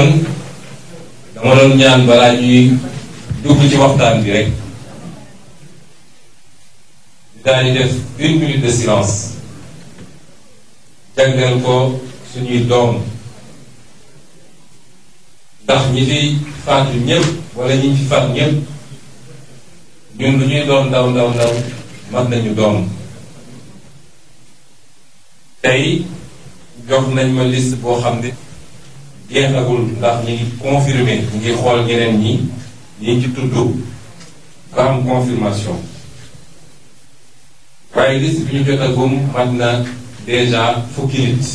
man dama doon ñaan balaa ñuy dugg ci waxtaan bi rek daañu def une minute de silence jagleel ko suñuy doom ndax ñi fi faatu ñëpp wala ñi fi faatu ñëpp ñun lu ñuy doon ndaw ndaw ndaw mat nañu doom tey jox nañ ma list boo xam ne jeexagul ndax ñu ngi confirmé ñu ngi xool ñeneen ñi ñi ci tudd ba am confirmation waaye bi ñu jotagum mat na déjà fukki nit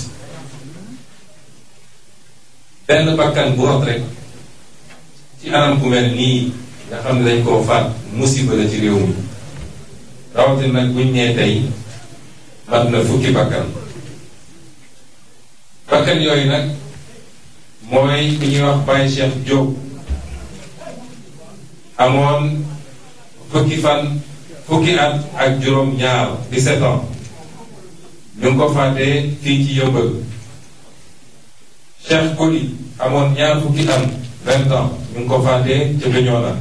benn bakkan bu rot rek ci anam ku mel nii nga xam ne dañ koo faat musiba ci réew mi rawatina nag buñ nee tey mat na fukki bakkan bakkan yooyu nag mooy ku ñuy wax Baye Cheikh Diop amoon fukki fan fukki at ak juróom ñaar 17 ans ñu ko fàttee fii ci yëmbal Cheikh Koli amoon ñaar fukki at 20 ans ñu ngi ko fàttee ca Bignona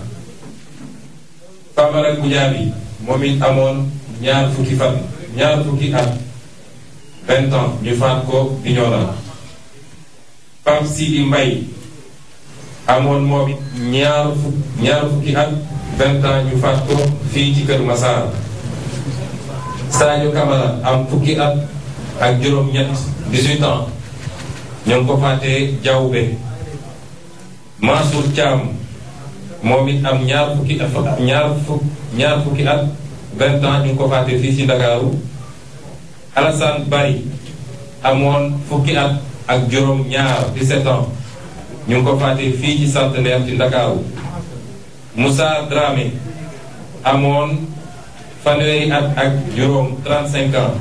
Famara Goudiaby moom it amoon ñaar fukki fan ñaar fukki at 20 ans ñu faat ko Bignona Pape Sidi Mbaye amoon moom it ñaar fukk fukki at vingt ans ñu faat ko fii ci kër Massar Sadio Camara am fukki at ak juróom-ñett 18 ans ñoo ngi ko faatee Diawbe Mansour Thiam moom it am ñaar fukki at vingt ans ñu ko faatee fii ci Ndakaaru Alassane Bari amoon fukki at ak juróom ñaar 17 ans ñu ngi ko fàtte fii ci centenaire ci Ndakaaru Moussa Dramé amoon fanweeri at ak juróom 35 ans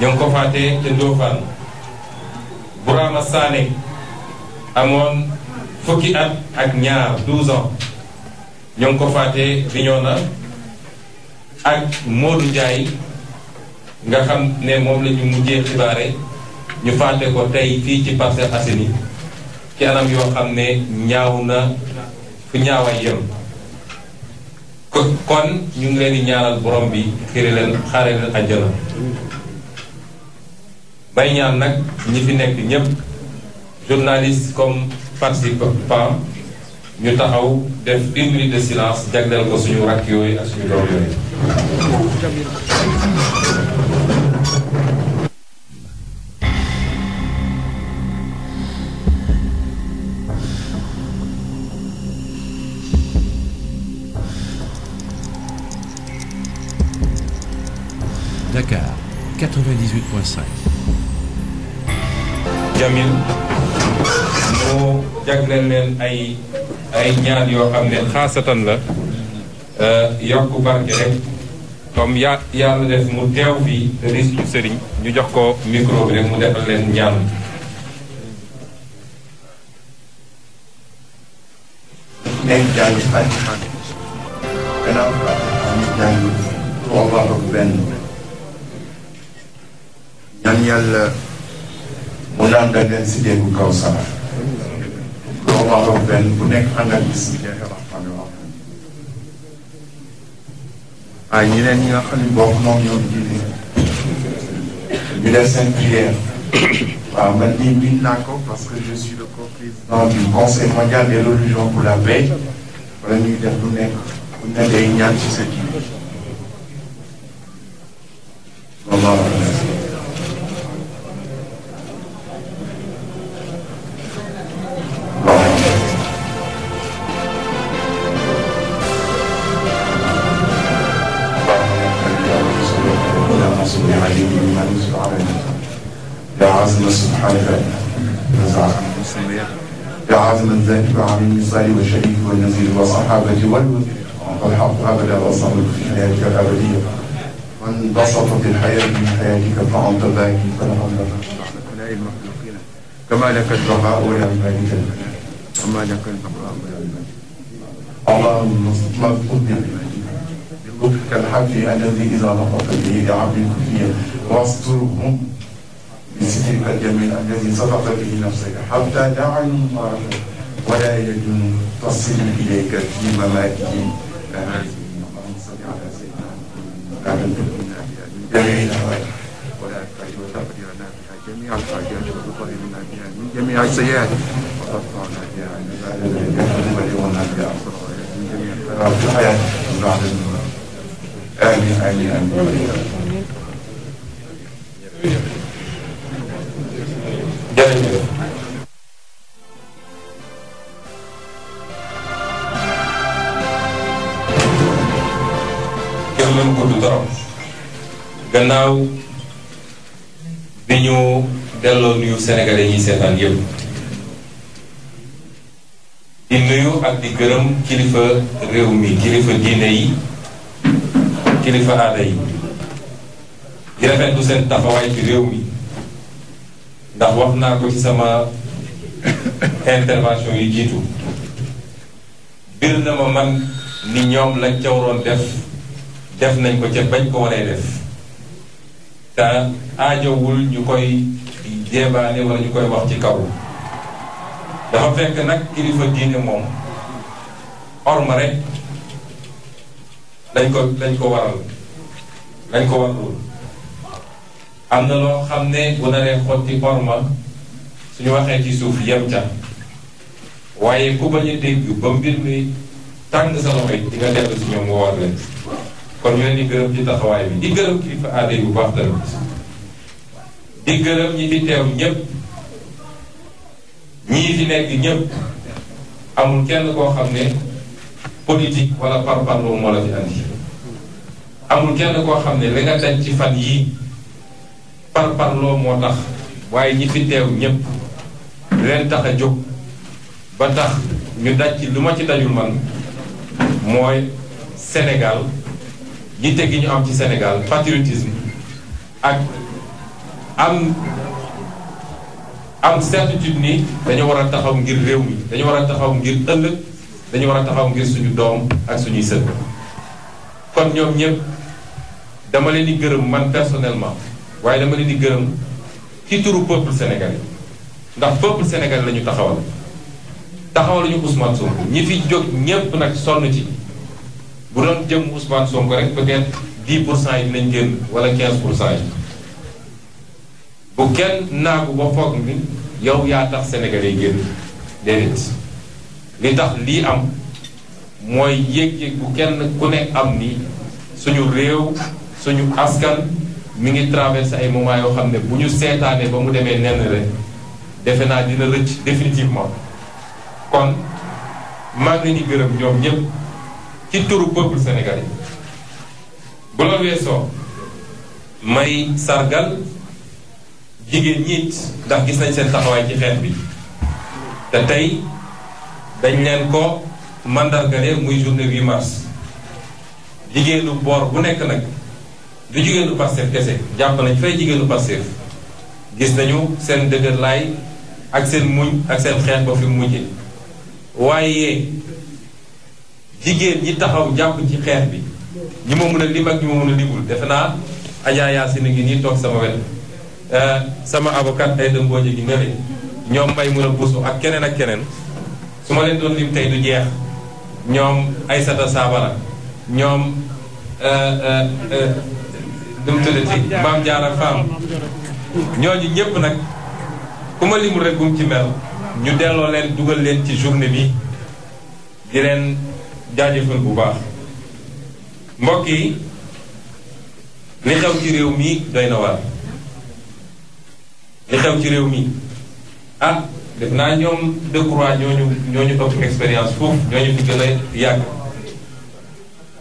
ñu ngi ko fàtte ca Ndofane Bourama Sané amoon fukki at ak ñaar 12 ans ñu ngi ko fàtte Bignona ak Modou Ndiaye nga xam ne moom la ñu mujjee xibaare ñu fàtte ko tey fii ci Parcelles Assainies ci anam yoo xam ne ñaaw na fu ñaaway yem kon ñu ngi leen ñaaral borom bi xiri leen xaare leen bay ñaan nag ñi fi nekk ñépp journaliste comme participant ñu taxaw def une de silence jagleel ko suñu rakk yooyu ak suñu doom yooyu Masai. Jamil moo jagleel leen ay ay ñaan yoo xam ne xaasatan la euh, yokk barke rek comme yaa yàlla def mu teew fii te sëriñ ñu jox ko micro rek mu defal leen ñaan. ñaan yàlla euh, mu daan da leen si déggu kaw sama loo waxoon benn bu nekk ànd ak bis waaye ñeneen ñi nga xam ne bokk moom ñoom jiite ñu def seen prière waaw ko parce que je suis le conseil mondial des religions pour la paix wala ñuy def lu nekk ku ne day ñaan ci رسول علي بما يتلو علينا يا عازم السبحان يا عازم الذات وعن المثال والشريك والنزيل والصحابة والود والحق أبدا وصمد في حياتك الأبدية وانبسطت الحياة من حياتك فأنت باقي فالحمد لله كما لك البقاء ولا مالك كما لك البقاء ولا مالك اللهم اطلب قدرك لطفك الحبل الذي إذا نطق به لعبد كلية واسترهم بسترك الجميل الذي صدق به نفسك حتى جعلوا مباركا ولا يجن تصل إليك في مماتهم اللهم صل على سيدنا محمد جميع الأوائل ولا تفعل وتقدرنا بها جميع الحاجات وتطهر منا بها من جميع السيئات وترفعنا بها عن عبادنا بها وتبلغنا بها أحسن من جميع الخيرات في الحياة amiin amiin amiin jërëjëf mën gannaaw bi ñu delloo nuyu sénégalais yi ñuy yëpp di nuyu ak di gërëm kilifa réew mi kilifa diine yi kilifa aada yi di rafetlu seen taxawaay ci réew mi ndax wax naa ko ci sama intervention yi jiitu bir na ma man ni ñoom lañ ca waroon def def nañ ko ca bañ ko waree def te aajowul ñu koy jéebaane wala ñu koy wax ci kaw dafa fekk nag kilifa diine moom orma rek lañ ko lañ ko waral lañ ko waraloon am na loo xam ne bu naree xotti borma suñu waxee ci suuf yem ca waaye ku bañ a dégg ba mbir mi tàng sa loxo yi di nga dellu si ñoom kon ñu leen di ci taxawaay bi di gërëm kilifa aada yi bu baax tamit di gërëm ñi fi teew ñépp ñii fi nekk ñépp amul kenn koo xam ne politique wala par parloo moo la fi andi amul kenn koo xam ne li nga daj ci fan yii par parloo moo tax waaye ñi fi teew ñépp leen tax a jóg ba tax ñu daj ci lu ma ci dajul man mooy Sénégal ñi gi ñu am ci Sénégal patriotisme ak am am certitude ni dañu war a taxaw ngir réew mi dañu war a taxaw ngir ëllëg dañu war a taxaw ngir suñu doom ak suñuy sët kon ñoom ñëpp dama leen di gërëm man personnellement waaye dama leen di gërëm ci turu peuple sénégalais ndax peuple sénégalais la ñu taxawal taxawal ñu Ousmane Sonko ñi fi jóg ñëpp nag sonn ci bu doon jëm Ousmane Sonko rek peut-être 10 pour cent yi dinañ génn wala 15 pour cent yi bu kenn naagu ba foog ni yow yaa tax sénégalais yi génn li tax lii am mooy yéeg-yéeg bu kenn ku ne am ni suñu réew suñu askan mi ngi traversé ay moment yoo xam ne bu ñu seetaanee ba mu demee nenn rek defe naa dina rëcc définitivement kon maa ngi leen di gërëm ñoom ñëpp ci turu peuple sénégalais bu la weesoo may sargal jigéen ñi it ndax gis nañ seen taxawaay ci xeex bi te tey dañ leen ko mandargale muy journée 8 mars jigéenu boor bu nekk nag du jigéenu Pastef kese jàpp nañ fay jigéenu Pastef gis nañu seen dëgër laay ak seen muñ ak seen xeex ba fi mujje waaye jigéen ñi taxaw jàpp ci xeex bi ñu ma mën a lim ak ñi ma mën a limul defe naa Adja Yacine ngi nii toog sama wet euh, sama avocat ay dëmbooje gi nga ñoom mbay mën a busu ak keneen ak keneen su ma leen doon lim tey du jeex ñoom Aysata Saabala ñoom euh, euh, euh, nu mu tuddati Maam Jaara Faam ñooñu ñëpp nag ku ma limul rek ci mel ñu delloo leen dugal leen ci journée bi di leen jaajëfal bu baax mbokk yi li xew ci réew mi doy na waar li xew ci réew mi ah, def naa ñoom Decroix ñooñu ñooñu ëpp expérience foofu ñooñu fi gën a yàgg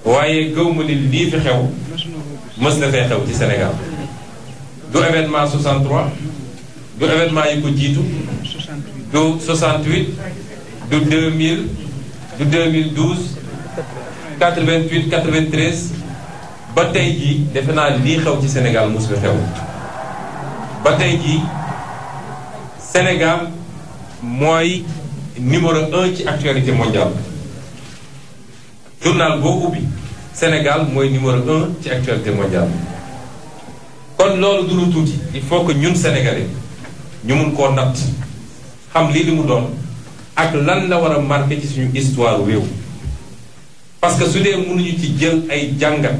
waaye gëw ma ni lii fi xew mës na xew ci Sénégal du événement 63 du événement yi ko jiitu du 68 du 2000 du 2012 88 93 ba tey jii defe naa lii xew ci Sénégal mës fi xew ba tey jii Sénégal mooy numéro un ci actualité mondiale journal boo ubbi Sénégal mooy numéro un ci actualité mondiale kon loolu du lu tuuti il faut que ñun sénégalais ñu mun koo natt xam lii li mu doon ak lan la war a marqué ci suñu histoire réew parce que su dee mënuñu ci jël ay jàngat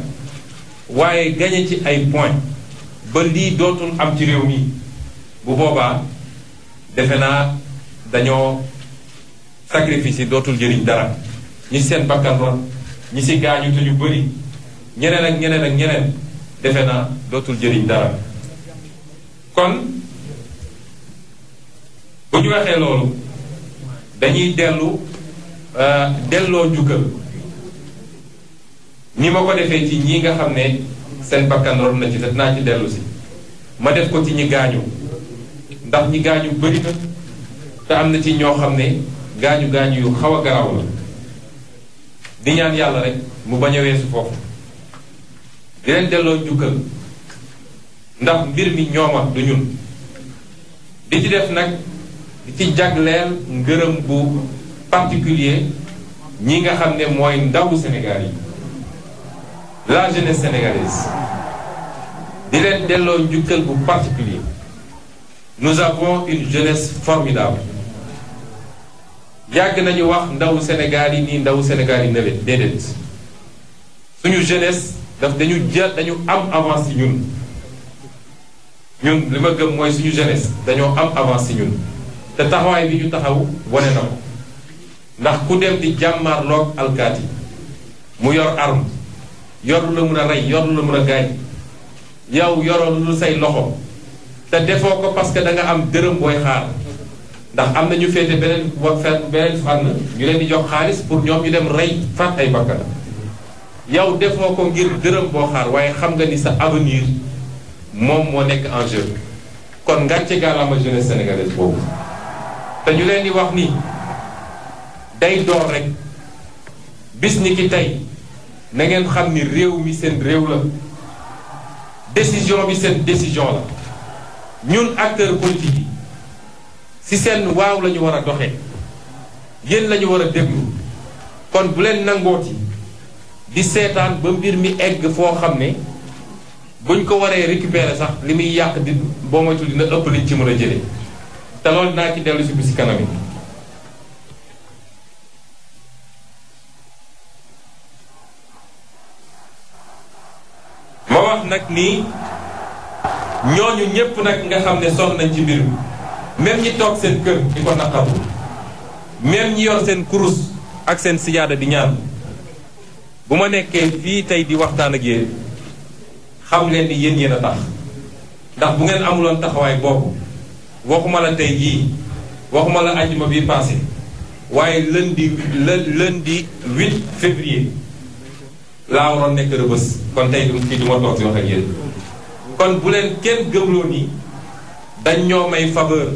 waaye gañe ci ay point ba lii dootul am ci réew mi bu boobaa defe naa dañoo sacrifice yi dootul jëriñ dara ñi seen bakkan rot ñi si gaañu te ñu bëri ñeneen ak ñeneen ak ñeneen defe naa dootul jëriñ dara kon bu ñu waxee loolu dañuy dellu euh, delloo njukkal ni ma ko defee ci ñi nga xam ne seen bakkan rot na ci te dinaa ci dellu si ma def ko ci ñi gaañu ndax ñi gaañu bëri na te am na ci ñoo xam ne gaañu gaañu yu xaw a garaaw la di yàlla rek mu bañ a foofu di leen delloo njukkal ndax mbir mi ñooma du ñun di ci def nag ci jagleel ngërëm bu particulier ñi nga xam ne mooy ndaw Sénégal yi la jeunesse sénégalaise di leen delloo njukkal bu particulier nous avons une jeunesse formidable yàgg nañu wax ndaw Sénégal yi nii ndaw Sénégal yi nële déedéet suñu jeunesse daf dañu jël dañu am avance ci ñun ñun li ma gëm mooy suñu jeunesse dañoo am avance ci ñun te taxawaay bi ñu taxaw wane na ko ndax ku dem di jàmmaarloog alkaati mu yor arme yor lu la mun a rey yor lu la mun a gaañ yow yoroo lu say loxo te defoo ko parce que da nga am dërëm booy xaar ndax am na ñu féete beneen wa fet beneen fànn ñu leen di jox xaalis pour ñoom ñu dem rey faat ay bakkan yow defoo ko ngir dërëm boo xaar waaye xam nga ni sa avenir moom moo nekk en jeu kon ngàcce gaalama jeunesse sénégalaise boobu te ñu leen di wax ni day door rek bis ni ki tey na ngeen xam ni réew mi seen réew la décision bi seen décision la ñun acteur politique yi ci seen waaw lañu war a doxe yéen lañu war a déglu kon bu leen nangooti di seetaan ba mbir mi egg foo xam ne buñ ko waree récupérer sax li muy yàq di boo dina ëpp liñ ci mën a jëlee te lool naa ci dellu si bu si kanam ma wax nag nii ñooñu ñépp nag nga xam ne sonn nañ ci mbir mi même ñi toog seen kër di ko naqaru même ñi yor seen kurus ak seen sijaada di ñaan bu ma nekkee fii tey di waxtaan ak yéen xam leen ni yéen yéen a tax ndax bu ngeen amuloon taxawaay boobu waxuma la tey jii waxuma la ajjuma bii passé waaye lundi lundi 8 février laa waroon nekk Rebeuss kon tey du fii toog si wax ak yéen kon bu leen kenn gëmloo nii dañ ñoo may faveur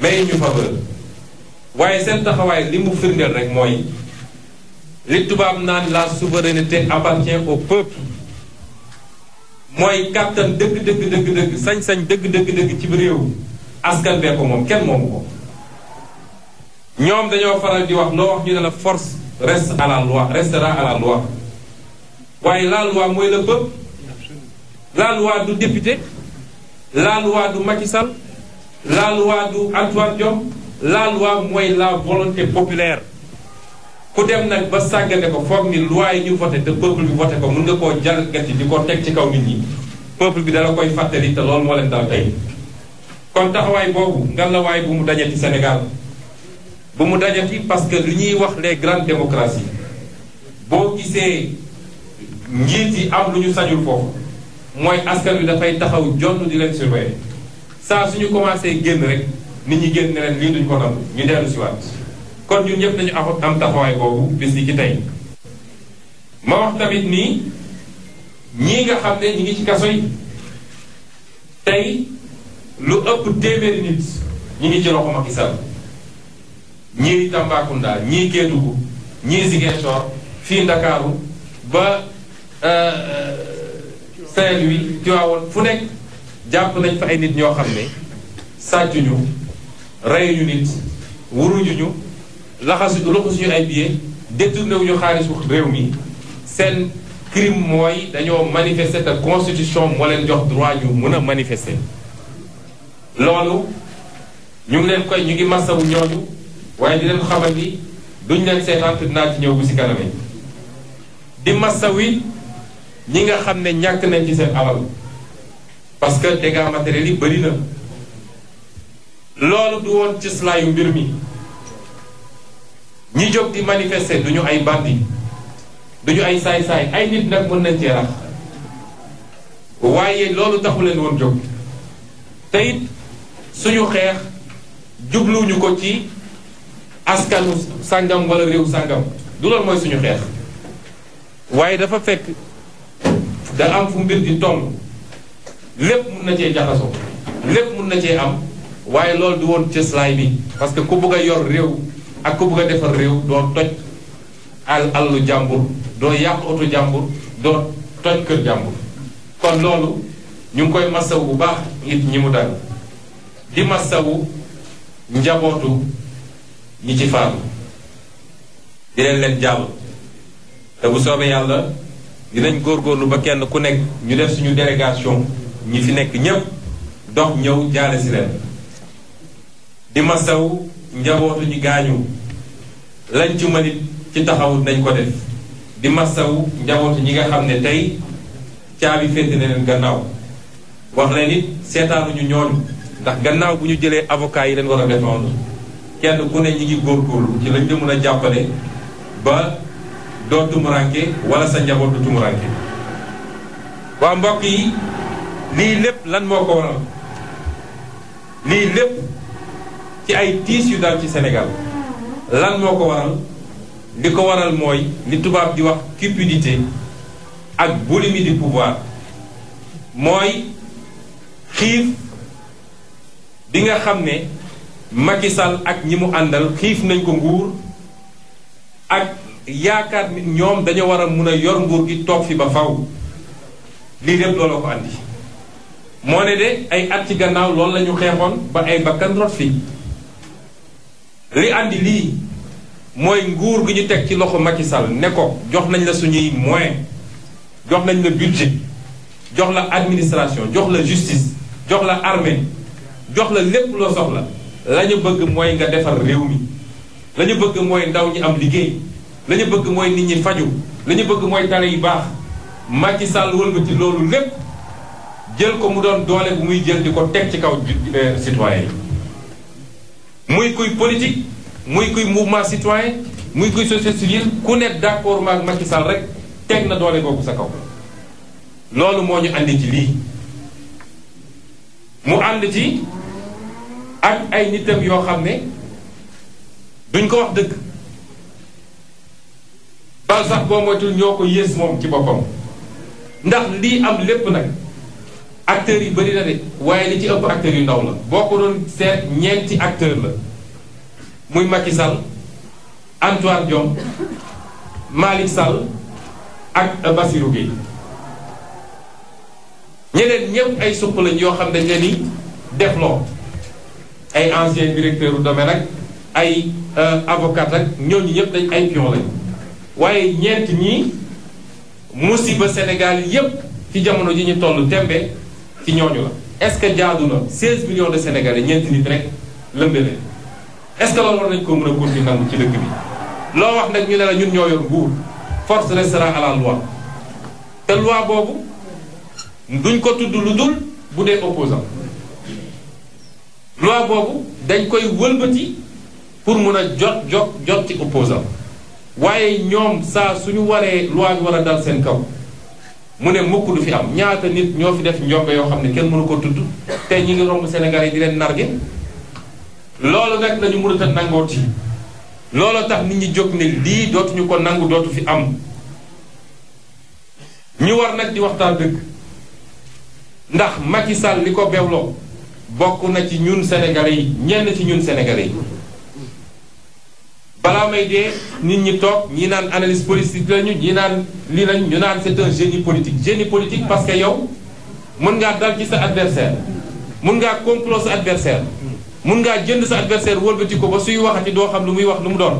may ñu waaye seen taxawaay li mu firndeel rek mooy li tubaab naan la souveraineté appartient au peuple mooy kàttan dëgg dëgg dëgg sañ-sañ dëgg dëgg dëgg ci réew askan bee moom kenn moomu ko ñoom dañoo faral di wax loo wax ñu ne la force reste à la loi restera à la loi waaye la loi mooy le peuple la loi du député la loi du Macky Sall la loi du Antoine Diome la mooy la volonté populaire ku dem nag ba sàggane ko foog ni loi yi ñu voté te peuple bi voté ko mën nga koo jalgati di ko teg ci kaw nit ñi peuple bi dala koy fàttali te loolu moo leen dal tey kon taxawaay boobu ngan la bu mu dajati Sénégal bu mu dajati parce que lu ñuy wax les grandes démocraties boo gisee njiit yi am lu ñu sajul foofu mooy askan bi dafay taxaw jonn di leen surveiller saa suñu commencé génn rek nit ñi génn ne leen lii duñ ko nangu ñu dellu si waat kon ñu ñëpp nañu am taxawaay boobu bis yi ci tey ma wax tamit nii ñi nga xam ne ñi ngi ci kaso yi tey lu ëpp téeméeri nit ñi ngi ci loxo Macky Sall ñii Tambacounda ñii Kédougou ñii Ziguinchor fii Ndakaaru ba euh, saint wi Tivaouane fu nekk jàpp nañ fa ay nit ñoo xam ne sàccuñu reyuñu nit wuruñu laxas laxasuñu suñu ay billets détourné wuñu xaalisu réew mi seen crime mooy dañoo manifester te constitution moo leen jox droit ñu mën a manifester loolu ñu ngi leen koy ñu ngi wu ñooñu waaye di leen xamal ni duñ leen seetaan te dinaa ci ñëw bu ci kanam di masawi ñi nga xam ne ñàkk nañ ci seen alal parce que dégâts matériels yi bëri na loolu du woon cislaayu mbir mi ñi jóg di manifester duñu ay bandi duñu ay saay-saay ay nit nag mën nañ cee rax waaye loolu taxu leen woon jóg te suñu xeex jubluwuñu ko ci askanu sàngam wala réew sàngam du loolu mooy suñu xeex waaye dafa fekk da am fu mbir di toll lépp mun na cee jaxasoo lépp mun na cee am waaye loolu du woon cëslaay bi parce que ku bëgg a yor réew ak ku bëgg a defar réew doo toj al allu jàmbur doo yàq oto jàmbur doo toj kër jàmbur kon loolu ñu ngi koy massawu bu baax it ñi mu dal di massawu njabootu ñi ci faatu di leen leen jàll te bu soobee yàlla dinañ góor góorlu ba kenn ku nekk ñu def suñu délégation ñi fi nekk ñépp dox ñëw jaale si leen di masaw njabootu ñi gaañu lañ ci mënit ci taxawut nañ ko def di masaw njabootu ñi nga xam ne tey caabi féete ne leen gannaaw wax leen it seetaanuñu ñooñu ndax gannaaw bu ñu jëlee avocat yi leen war a défendre kenn ku ne ñi ngi góorgóorlu ci lañ la mën a jàppale ba doo tumuranke wala sa njaboot du waa mbokk yi lii lépp lan moo ko waral lii lépp ci ay tiis yu dal ci senegal lan moo ko waral li ko waral mooy li tubaab di wax cupidité ak boulimie du pouvoir mooy xiif bi nga xam ne Macky Sall ak ñi mu àndal xiif nañ ko nguur ak yaakaar ni ñoom dañu war a mun a yor nguur gi toog fi ba faw lii lépp looloo ko andi moo ne de ay at ci gannaaw lool lañu xeexoon ba ay bakkan rot fi li andi lii mooy nguur gi ñu teg ci loxo Macky Sall ne ko jox nañ la suñuy moyen jox nañ la budget jox la administration jox la justice jox la armée jox la lépp loo soxla la ñu bëgg mooy nga defar réew mi la bëgg mooy ndaw ñi am liggéey la bëgg mooy nit ñi faju la bëgg mooy tale yi baax Macky Sall ci loolu lépp jël ko mu doon doole bu muy jël di ko teg ci kaw euh, citoyen yi muy kuy politique muy kuy mouvement citoyen muy kuy société civile ku ne d'accord maag Macky Sall rek teg na doole boobu sa kaw loolu moo ñu andi ci lii mu ànd ci ak ay nitam yoo xam ne duñ ko wax dëgg ba sax boo moytul ñoo ko yées moom ci boppam ndax lii am lépp nag acteurs yi bëri na de waaye li ci ëpp acteurs yu ndaw la boo ko doon seet ñeenti acteur la muy Macky Sall Antoine Diome Malick sal ak Bassirou Gueye ñeneen ñëpp ay suq lañ yoo xam dañ leen di defloo ay ancien directeur du domaine ak ay euh, avocat ak ñooñu ñëpp dañ ay pion lañ waaye ñeent ñii musiba Sénégal yépp ci jamono ji ñu toll tembe ci ñooñu la est-ce que jaadu na 16 millions de Sénégalais ñeenti nit rek lëmbe leen est war nañ ko mën a góor ñu nangu ci dëkk bi loo wax nag ñu ne la ñun ñoo yor nguur force restera à la loi te loi boobu duñ ko tudd lu dul bu dee opposant loi boobu dañ koy wëlbati pour mën a jot jot jot ci opposant waaye ñoom saa su ñu waree loi bi war a dal seen kaw mu ne mukk du fi am ñaata nit ñoo fi def njombe yoo xam ne kenn mënu ko tudd tey ñi ngi romb Sénégal yi di leen narge loolu nag la ñu mënut a nangooti loolu tax nit ñi jóg ne lii dootuñu ko nangu dootu fi am ñu war nag di waxtaan dëgg ndax Macky Sall li ko bewloo bokk na ci ñun Sénégalais yi ñenn ci ñun Sénégalais yi balaa may dee nit ñi toog ñi naan analyse politique lañu ñi naan lii lañu ñu naan c'est un génie politique génie politique parce que yow mën ngaa dal ci sa adversaire mën ngaa complot sa adversaire mun ngaa jënd sa adversaire wëlbati ko ba suy waxati doo xam lu muy wax lu mu doon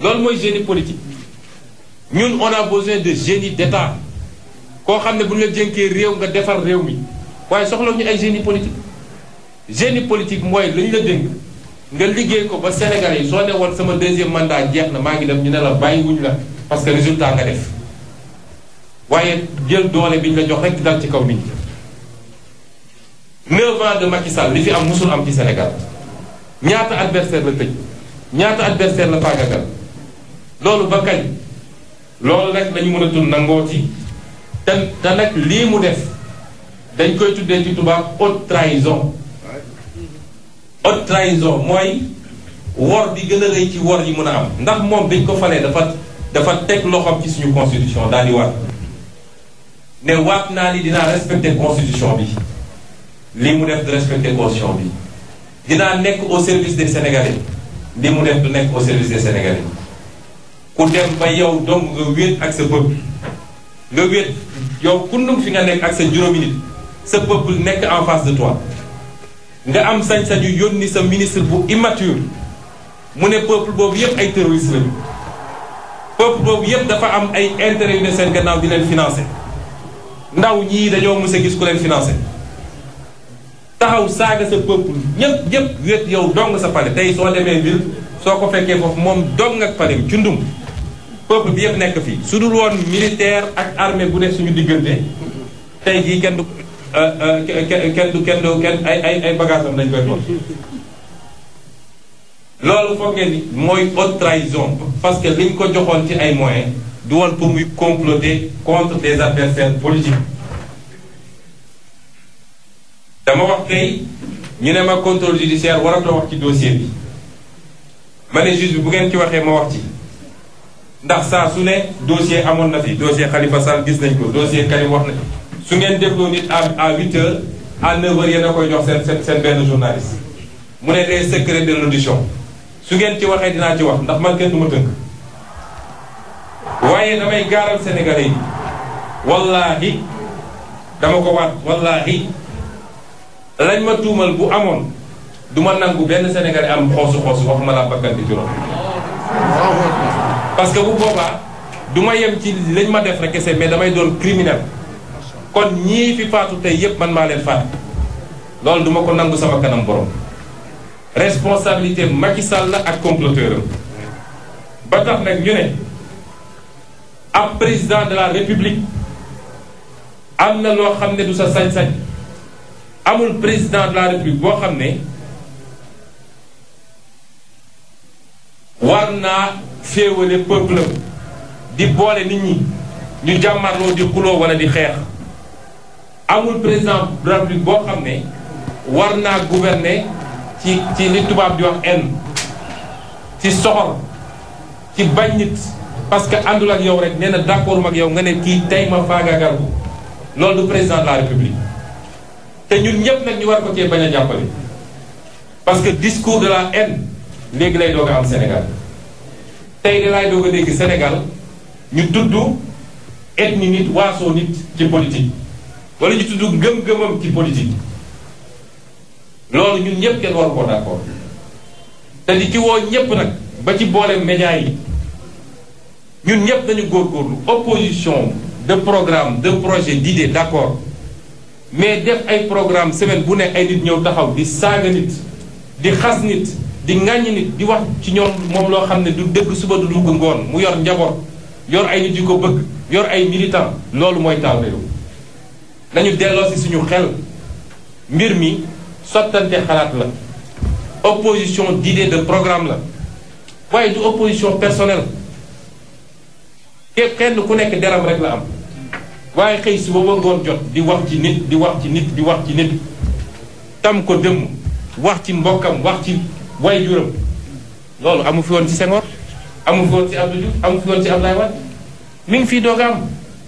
loolu mooy génie politique ñun on a besoin de génie d'état koo xam ne bu ñu la jënkee réew nga defar réew mi waaye soxla ñu ay génie politique génie politique mooy lañu la dénk nga liggéey ko ba Sénégal yi soo ne woon sama deuxième mandat jeex na maa ngi dem ñu ne la bàyyiwuñ la parce que résultat nga def waaye jël doole bi ñu la jox rek dal ci kaw nit ñi. 9 ans de Macky Sall li fi am mosul am ci Sénégal ñaata adversaire la tëj ñaata adversaire la faagagal loolu ba kañ loolu rek lañu mën a tudd nangoo ci te te nag lii mu def dañ koy tuddee ci tubaab haute trahison. haute trahison mooy wor bi gën a ci wor yi mun a am ndax moom biñ ko falee dafa dafa teg loxoom ci suñu constitution daal di waat ne waat naa ni dinaa respecter constitution bi lii mu def du respecter constitution bi dinaa nekk au service des sénégalais li mu def du nekk au service des sénégalais ku dem ba yow dong nga wéet ak sa peuple nga wéet yow kundum fi nga nekk ak sa juróomi nit sa peuple nekk en face de toi. nga am sañ-sañu yónni sa ministre bu immature mu ne peuple boobu yëpp ay terroriste lañu peuple boobu yëpp dafa am ay intérêt yu ne seen gannaaw di leen financé ndaw ñii dañoo mës a gis ko leen financé taxaw saaga sa peuple ñëpp ñëpp wéet yow dong sa pale tey soo demee ville soo ko fekkee foofu moom dong ak palem cundum peuple bi yëpp nekk fii su dul woon militaire ak armée bu ne suñu diggante tey jii kenn du kenn du kenn du kenn ay ay ay bagages am koy xool loolu foog ngeen mooy haute trahison parce que liñ ko joxoon ci ay moyens du woon pour muy comploter contre des adversaires politiques dama wax tey ñu ne ma war judiciaire waratoo wax ci dossier bi ma ne juge bi bu ngeen ci waxee ma wax ci ndax saa su ne dossier amoon na fi dossier Khalifa Sall gis nañ ko dossier Karim wax na su ngeen dégloo nit à à huit heures à koy jox seen seen seen benn journaliste mu ne les secrets de l'audition su ngeen ci waxee dinaa ci wax ndax man kenn du ma tënk waaye damay gaaral Sénégalais yi wallaahi dama ko waat wallaahi lañ ma tuumal bu amoon duma nangu benn Sénégalais am xoosu xoosu waxuma laa bakkan juróom parce que bu boobaa du ma yem ci lañ ma def rek kese mais damay doon criminel kon ñii fi faatu tey yépp man maa leen faat loolu duma ko nangu sama kanam boroom responsabilité Macky Sall la ak comploteur am ba tax nag ñu ne ab président de la république am na loo xam ne du sa sañ-sañ amul président de la république boo xam ne war naa féewale peuple di boole nit ñi ñu jàmmarloo di xuloo wala di xeex amul président de la boo xam ne war naa gouverner ci ci li tubaab di wax haine ci soxor ci bañ nit parce que àndul ak yow rek nee na d'accord ak yow nga ne kii tey ma faagaagal ko loolu du président de la République te ñun ñëpp nag ñu war ko cee bañ a jàppale parce que discours de la haine léegi lay doog a am Sénégal tey da laay doog a dégg Sénégal ñu tudd ethnie nit waasoo nit ci politique wala ñu tudd gëm-gëmam ci politique loolu ñun ñëpp kenn waru ko d'accord te di ci woo ñëpp nag ba ci boole médias yi ñun ñëpp dañu góorgóorlu opposition de programme de projet d'idée d'accord mais def ay programme semaine bu ne ay nit ñëw taxaw di saaga nit di xas nit di ŋàññ nit di wax ci ñoom moom loo xam ne du dëgg suba du dugg ngoon mu yor njaboot yor ay nit yu ko bëgg yor ay militant loolu mooy taal réew nañu delloo si suñu xel mbir mi sottante xalaat la opposition d'idée de programme la waaye du opposition personnel képp kenn ku nekk deram rek la am waaye xëy suba ba ngoon jot di wax ci nit di wax ci nit di wax ci nit tam ko dëmm wax ci mbokkam wax ci waajuram loolu amu fi woon ci Senghor amu fi woon ci Abdou Diouf amu fi woon ci Abdoulaye Wade mi ngi fi doog am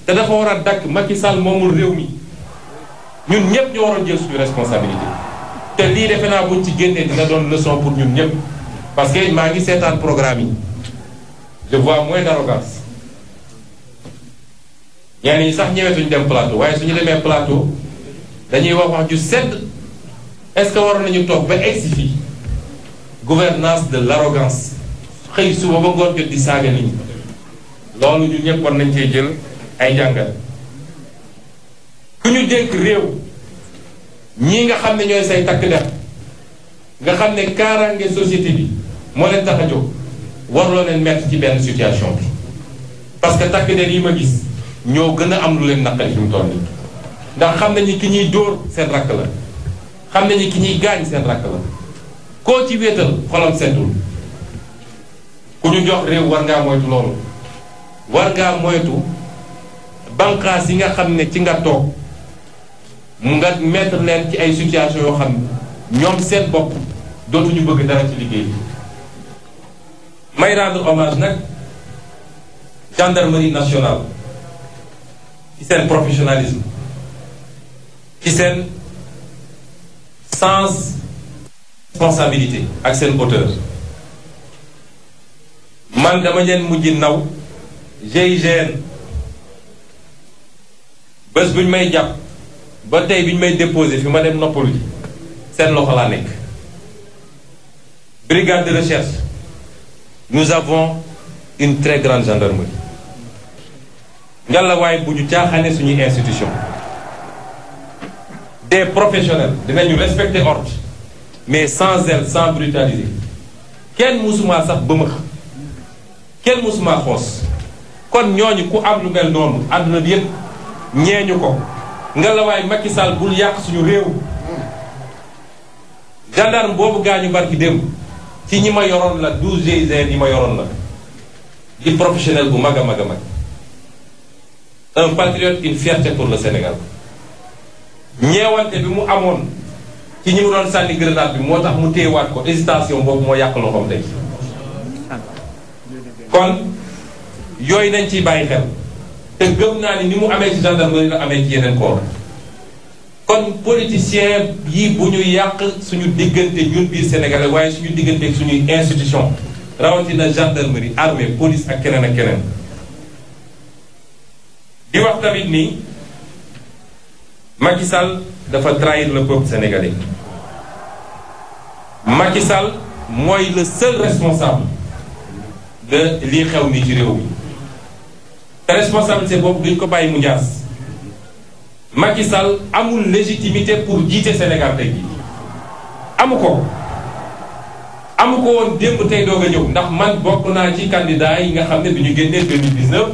te dafa war a dakk Macky sal moomul réew mi ñun ñëpp ñoo waroon jël suñu responsabilité te lii defe naa buñ ci génnee dina doon leçon pour ñun ñëpp parce que maa ngi seetaan programme yi je vois moins d'arrogance ñenn ñi sax ñëwetuñu dem plateau waaye suñu demee plateau dañuy wax wax ju sedd est-ce que waroon nañu toog ba egsi fii gouvernance de l'arrogance xëy suba ba ngoon di saaga nit ñi loolu ñun ñëpp war nañ cee jël ay jàngal ku ñu dénk réew ñii nga xam ne ñooy say takk der nga xam ne kaaraange société bi moo leen tax a jóg leen mettre ci benn situation bi parce que takk der yi ma gis ñoo gën a am lu leen naqari fi mu toll nii ndax xam nañu ki ñuy dóor seen rakk la xam nañu ki ñuy gaañ seen rakk la koo ci wéetal xolam seddul ku ñu jox réew war ngaa moytu loolu war ngaa moytu banqaas yi nga xam ne ci nga toog nga mettre leen ci ay situation yoo xam ne ñoom seen bopp dootuñu bëgg dara ci liggéey may rendre hommage nag gendarmerie nationale ci seen professionnalisme ci seen sens responsabilité ak seen hauteur man dama leen mujj naw GIGN bés bu ñu may jàpp ba tey bi ñu may déposé fi ma dem noppalu ji seen loxo laa nekk brigade de recherche nous avons une très grande gendarmerie ngalla waaye bu ñu caaxaane suñuy institution des professionnels dinañu respecter ordre mais sans zèle sans brutaliser kenn mësumaa sax bëmëx kenn mësumaa xoos kon ñooñu ku am lu mel noonu àdduna bi yëpp ñeeñu ko ngalawaay Macky Sall bul yàq suñu réew gendarme boobu gaañu barki démb ci ñi ma yoroon la 12 GIGN yi ma yoroon la di professionnel bu mag a mag a mag un patriote une fierté pour Sénégal ñeewante bi mu amoon ci ñi mu doon sànni grenade bi moo tax mu téyewaat ko hésitation boobu moo yàq loxoom tey kon yooyu nañ ci bàyyi xel. te gëm naa ni ni mu amee ci gendarmerie la amee ci yeneen corps kon politicien yi bu ñu yàq suñu diggante ñun biir sénégalais waaye suñu diggante suñuy institution rawatina gendarmerie armée police ak keneen ak keneen di wax tamit ni Macky Sall dafa trahir le peuple sénégalais Macky Sall mooy le seul responsable de lii xew ni ci réew mi te responsabilité boobu duñ ko bàyyi mu njaas Macky Sall amul légitimité pour jiite Sénégal tey jii amu ko amu ko woon démb tey doog a ñëw ndax man bokk naa ci candidat yi nga xam ne bi ñu génnee 2019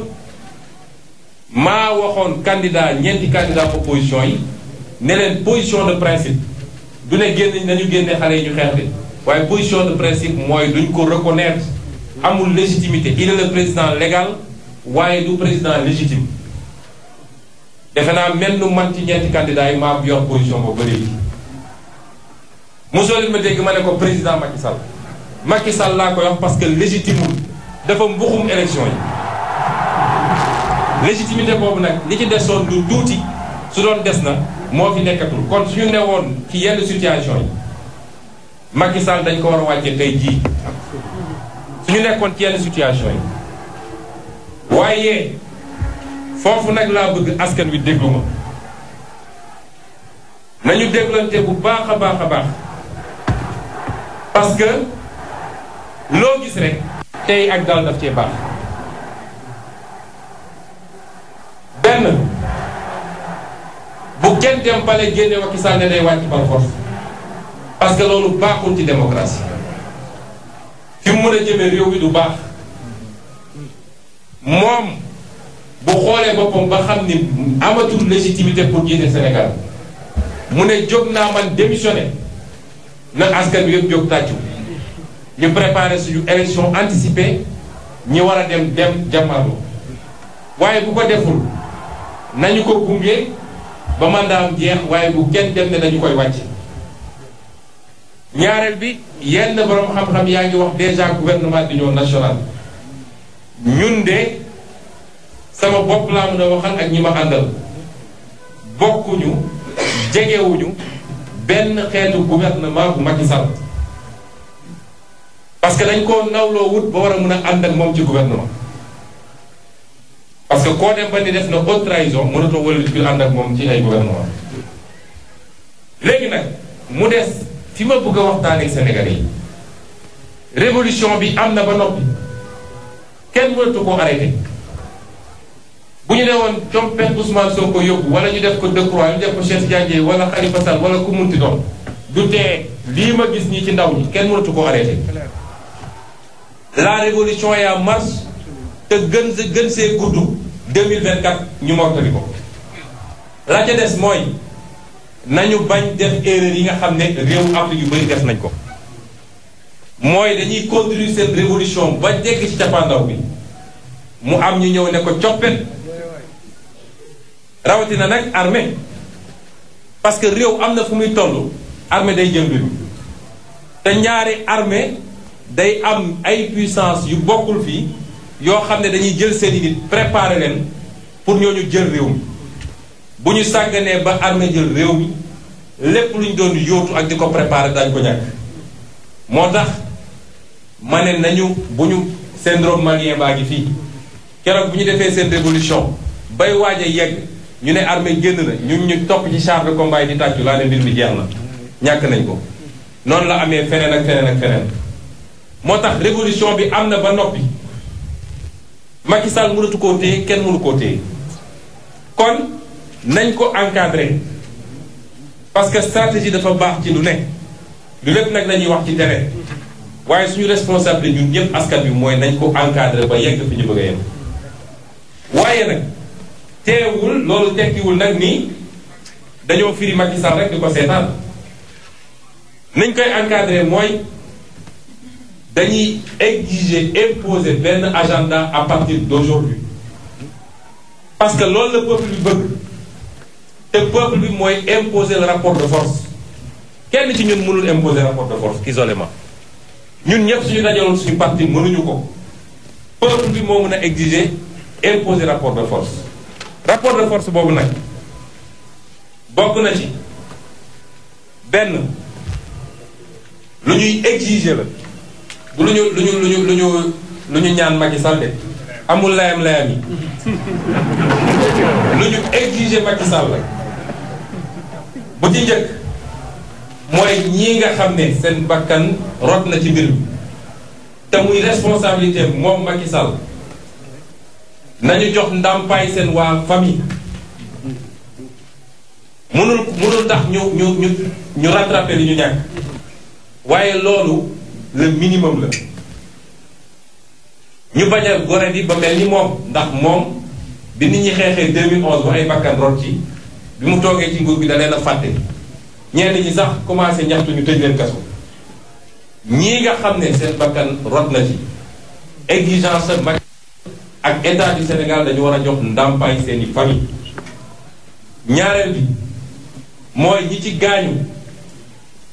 maa waxoon candidat ñeenti candidat opposition yi ne leen position de principe du ne génn nañu génne xale yi ñu xeex de waaye position de principe mooy duñ ko reconnaître amul légitimité il est le président légal waaye du président légitime defe naa mel nu man ci ñeenti candidat yi maa yor position boobu ba léegi mosoo ma dégg ma ne ko président Macky Sall Macky Sall laa koy wax parce que légitime dafa mbuxum élection yi légitimité boobu nag li ci desoon lu tuuti su doon des na moo fi nekkatul kon suñu woon ci yenn situation yi Macky Sall dañ ko war a wàcce tey jii ñu nekkoon ci yenn situation yi waaye foofu nag laa bëgg askan wi déglu ma nañu déglante bu baax a baax a baax parce que loo gis rek tey ak daal daf cee baax benn bu kenn dem pale génne Macky Sall ne day wàcc par force que loolu baaxul ci démocratie fi mu mën a jëmee réew mi du baax moom bu xoolee boppam ba xam ni amatul légitimité pour jiite Sénégal mu ne jóg naa man démissionné na askan bi yëpp jóg tàccu ñu préparé suñu élection anticipée ñi war a dem dem jàmmaarloo waaye bu ko deful nañu ko gunge ba mandaam jeex waaye bu kenn dem ne dañu koy wàcce ñaareel bi yenn borom xam-xam yaa ngi wax déjà gouvernement d'union nationale ñun de sama bopp laa mën a waxal ak ñi ma àndal bokkuñu jegewuñu benn xeetu gouvernement bu Macky Sall parce que dañ koo nawloo wut ba war a mën a ànd ak moom ci gouvernement parce que koo dem ba ni def na haute trahison mënatoo wala di ànd ak moom ci ay gouvernement léegi nag mu des fi ma bëgg a waxtaanee Sénégalais yi révolution bi am na ba noppi. kenn mënatu koo arrêté bu ñu ne woon compet Ousmane ko yóbbu wala ñu def ko Decroix ñu def ko Cheikh Diagne wala Khalifa Sall wala ku munti doon du tee lii ma gis ñi ci ndaw ñi kenn mënatu koo arrêté la révolution est en te gën gën see gudd 2024 ñu mottali ko la des mooy nañu bañ def erreur yi nga xam ne réew Afrique yu bari def nañ ko mooy dañuy continuer seen révolution ba jekk ci cappaandaw bi mu am ñu ñëw ne ko coppet rawatina nag armée parce que réew am na fu muy toll armée day jël mbir te ñaari armée day am ay puissance yu bokkul fii yoo xam ne dañuy jël seen i nit préparer leen pour ñooñu jël réew mi bu ñu sàgganee ba armée jël réew mi lépp lu ñu doon yóotu ak di ko préparer daañu ko ñàkk moo tax ma ne nañu bu ñu syndrome malien baa ngi fii keroog bu ñu defee seen révolution bay waaj a yegg ñu ne armée génn na ñu ñu topp ci char de combat yi di tàccu laa ne mbir mi jeex na ñàkk nañ ko noonu la amee feneen ak feneen ak feneen moo tax révolution bi am na ba noppi Macky Sall mënatu koo téye kenn mënu koo téye kon nañ ko encadré parce que stratégie dafa baax ci lu ne lu lépp nag la wax ci tere waaye suñu responsabilité ñu ñëpp askan bi mooy nañ ko encadré ba yegg fi ñu bëgg a yem waaye nag teewul loolu tekkiwul nag nii dañoo firi Macky Sall rek di ko seetaan nañ koy encadré mooy dañuy exiger imposer benn agenda à partir d'aujourd'hui parce que loolu la peuple bi bëgg te peuple bi mooy imposer la rapport de force kenn ci ñun mënul imposer rapport de force isolément ñun ñëpp suñu dajaloon suñu parti mënuñu ko peuple bi moo mën a exiger imposer rapport de force rapport de force boobu nag bokk na ci benn lu ñuy exiger la lu ñu lu ñu lu ñu lu ñu lu ñu ñaan Macky Sall de amul layam layam yi lu ñu exiger Macky Sall la bu ci njëkk mooy ñii nga xam ne seen bakkan rot na ci mbir mi te muy responsabilité moom Macky Sall nañu jox ndàmpaay seen waa famille mënul mënul tax ñu ñu ñu ñu rattraper li ñu ñàkk waaye loolu le minimum la ñu bañ a ba mel ni moom ndax moom bi nit ñi xeexee 2011 ba ay bakkan rot ci bi mu toogee ci nguur bi da leen fàtte ñenn ñi sax commencé ñaxtu ñu tëj leen kaso ñii nga xam ne seen bakkan rot na ci exigence mag ak état du Sénégal dañu war a jox ndàmpaay seeni famille ñaareel bi mooy ñi ci gaañu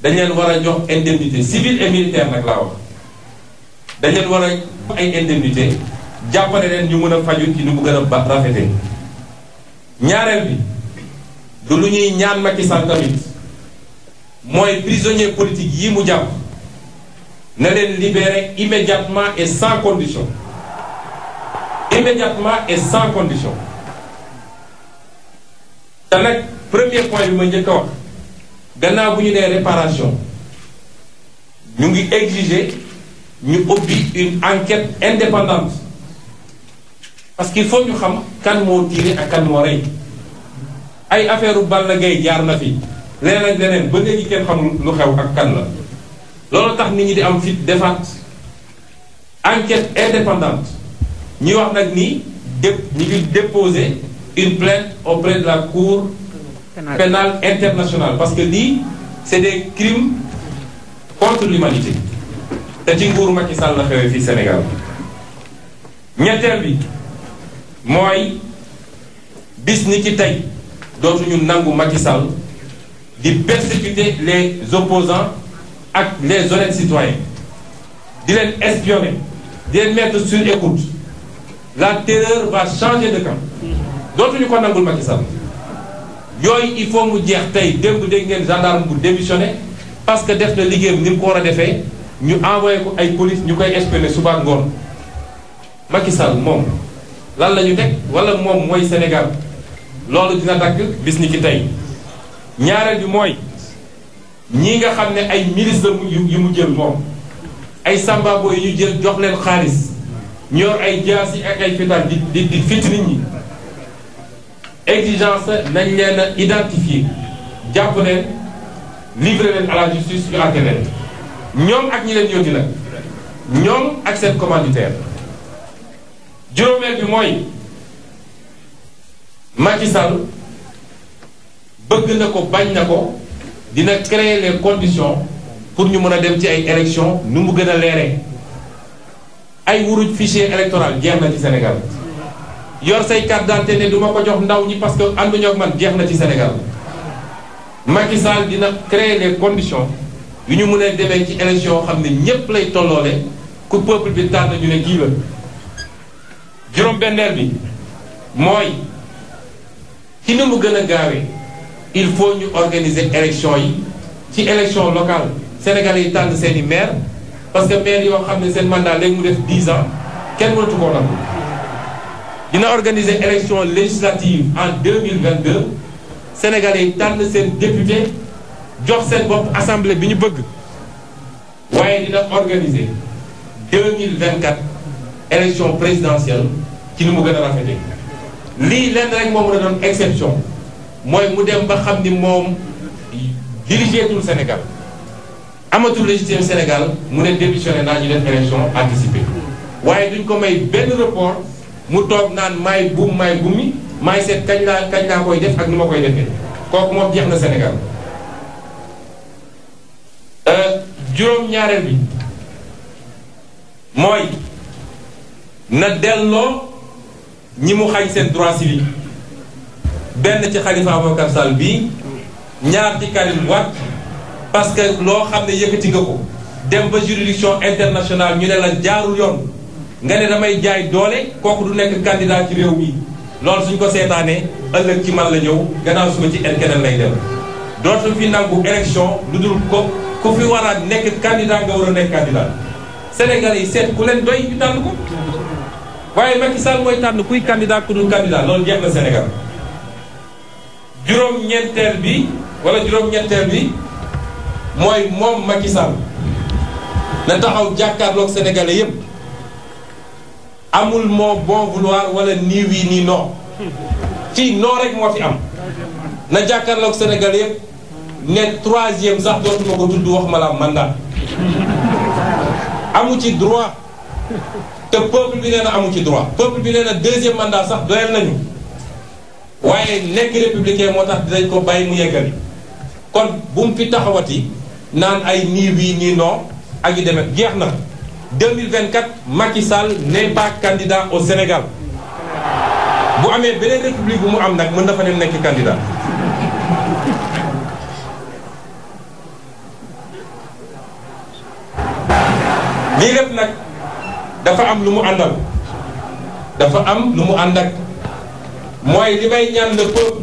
dañ leen war a jox indemnité civile et militaire nag laa wax dañ leen war a ay indemnité jàppale leen ñu mën a faju ci nu mu gën a ba rafetee ñaareel bi du lu ñuy ñaan Macky Sall tamit mooy prisonnier politique yi mu jàpp na leen libérer immédiatement et sans condition immédiatement et sans condition te nag point bi ma njëkk wax gannaaw bu ñu nee réparation ñu ngi exiger ñu ubbi une enquête indépendante parce que faut ñu xam kan moo tiire ak kan moo rey ay affaire u Balla Gaye jaar na fi leneen ak leneen ba léegi kenn xamul lu xew ak kan la loolu tax nit ñi di am fit defaat enquête indépendante ñi wax nag ni dé ñu ngi déposer une plainte auprès de la cour pénale internationale parce que lii c'est des crimes contre l'humanité te ci nguuru Macky Sall la xewee fii Sénégal ñetteel bi mooy bis ni ci tey dootuñu nangu Macky Sall di persécuter les opposants ak les honnêtes citoyens di leen espionner di leen mettre sur écoute la terreur va changer de camp dootuñu ko nangul Macky Sall yooyu il faut mu jeex tey démb dégg ngeen gendarme bu démissionné parce que def na liggéeyam ni mu ko war a defee ñu envoyé ko ay police ñu koy espionner suba ngoon Macky moom lan la ñu teg wala moom mooy Sénégal loolu dina dakk bis ni ki tey ñaareel bi mooy ñii nga xam ne ay milices la yu mu jël moom ay sambabo yu ñu jël jox leen xaalis ñu yor ay jaas yi ak ay fital di di di fit nit ñi exigence nañ leen a identifier jàpp leen livrer leen à la justice yu leen ñoom ak ñi leen yónni nag ñoom ak seen commanditaire juróomeel bi mooy Macky Sall bëgg na ko bañ na ko dina créer les conditions pour ñu mën a dem ci ay élections nu mu gën a leeree ay wuruj fichier électoral jeex na ci senegal yor say carte d'identité ne du ma ko jox ndaw ñi parce que ànduñoo ak man jeex na ci Sénégal Macky Sall dina créer les conditions yu ñu mën a demee ci élection yoo xam ne ñépp lay tolloole ku peuple bi tànn ñu ne kii juróom-benneel bi mooy ci ni mu gën a gaawee il faut ñu organiser élection yi ci élection local sénégal yi tànn seen i maire parce que maire yoo xam ne seen mandat léegi mu def 10 ans kenn mënatu koo nangu dina organiser élection législative en 2022 sénégalais yi tànn seen député jox seen bopp assemblée bi ñu bëgg waaye dina organiser 2024 élection présidentielle ci ni mu gën a rafetee lii lenn rek moo mën a doon exception mooy mu dem ba xam ni moom dirigeetul Sénégal amatul légitime Sénégal mu ne démissionné naa ñu def élection anticipée waaye duñ ko may benn report mu toog naan may buum may buumi maay seet kañ laa kañ laa koy def ak nu ma koy defee kooku moom jeex na Sénégal euh, juróom-ñaareel bi mooy na delloo ñi mu xañ seen droit civique benn ci Khalifa Ababacar Sall bii ñaar ci Karim Wade parce que loo xam ne yëkkati nga ko dem ba juridiction internationale ñu ne la jaaru yoon nga ne damay jaay doole kooku du nekk candidat ci réew mi lool suñ ko seetaanee ëllëg ci man la ñëw gannaaw suba ci keneen lay dem dootul fi nangu élection lu dul ko ku fi war a nekk candidat nga war a nekk candidat Sénégal yi seet ku leen doy ñu tànn ko waaye Macky Sall mooy tànn kuy candidat ku dul candidat loolu jeex na Sénégal juróom-ñeenteel bi wala juróom-ñeenteel bi mooy moom Macky Sall na taxaw jàkkaarloog sénégalais yëpp amul moo bon vouloir wala nii wii nii non fii non rek moo fi am na jàkkaarloog sénégalais yépp ne troisième sax dootuma ko tudd wax ma la mandat amu ci droit te peuple bi nee na amu ci droit peuple bi nee na deuxième mandat sax doyal nañu waaye nekk républicain moo tax dinañ ko bàyyi mu yeggali kon bu mu fi taxawati naan ay nii wii nii non ak yu demet jeex na 2024 Macky Sall n'est pas candidat au Sénégal bu amee beneen république bu mu am nag mën dafa fa ne nekk candidat lii lépp nag dafa am lu mu àndal dafa am lu mu ànd ak mooy li may ñaan le peuple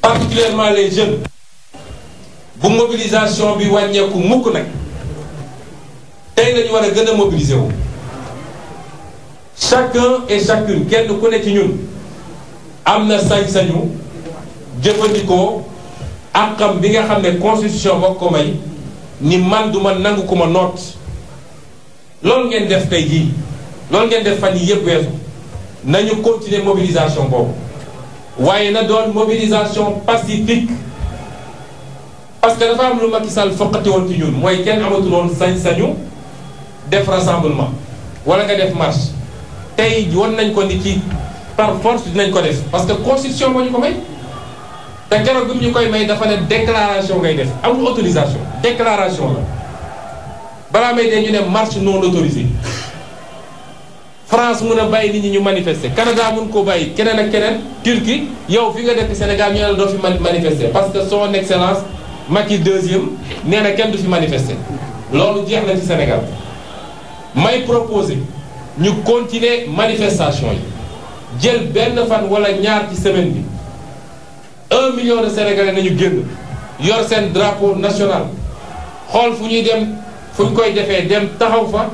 particulièrement les jeunes bu mobilisation bi wàññeeku mukk nag tey lañu war a gën a mobiliser wu chacun et chacune kenn ku ne ci ñun am na sañ-sañu jëfandikoo àqam bi nga xam ne constitution boo ko may ni man duma nangu ku ma noot loolu ngeen def tey jii loolu ngeen def fan yi yëpp weesu nañu continuer mobilisation boobu waaye na doon mobilisation pacifique parce que dafa am lu Macky Sall foqati woon ci ñun mooy kenn amatul woon sañ-sañu def rassemblement wala nga def marche tey won nañ ko ni ci par force dinañ ko def parce que constitution moo ñu ko may te keroog bi mu ñu koy may dafa ne déclaration ngay def amul autorisation déclaration la balaa may dee ñu ne marche non autorisée. France mun a bàyyi nit ñi ñu manifester Canada mun koo bàyyi keneen ak keneen Turquie yow fi nga dëkk Sénégal ñu ne la doo fi manifester parce que son excellence Macky deuxième nee na kenn du fi manifester loolu jeex na ci Sénégal may proposer ñu continuer manifestation yi jël benn fan wala ñaar ci semaine bi un million de Sénégalais nañu génn yor seen drapeau national xool fu ñuy dem fu ñu koy defee dem taxaw fa.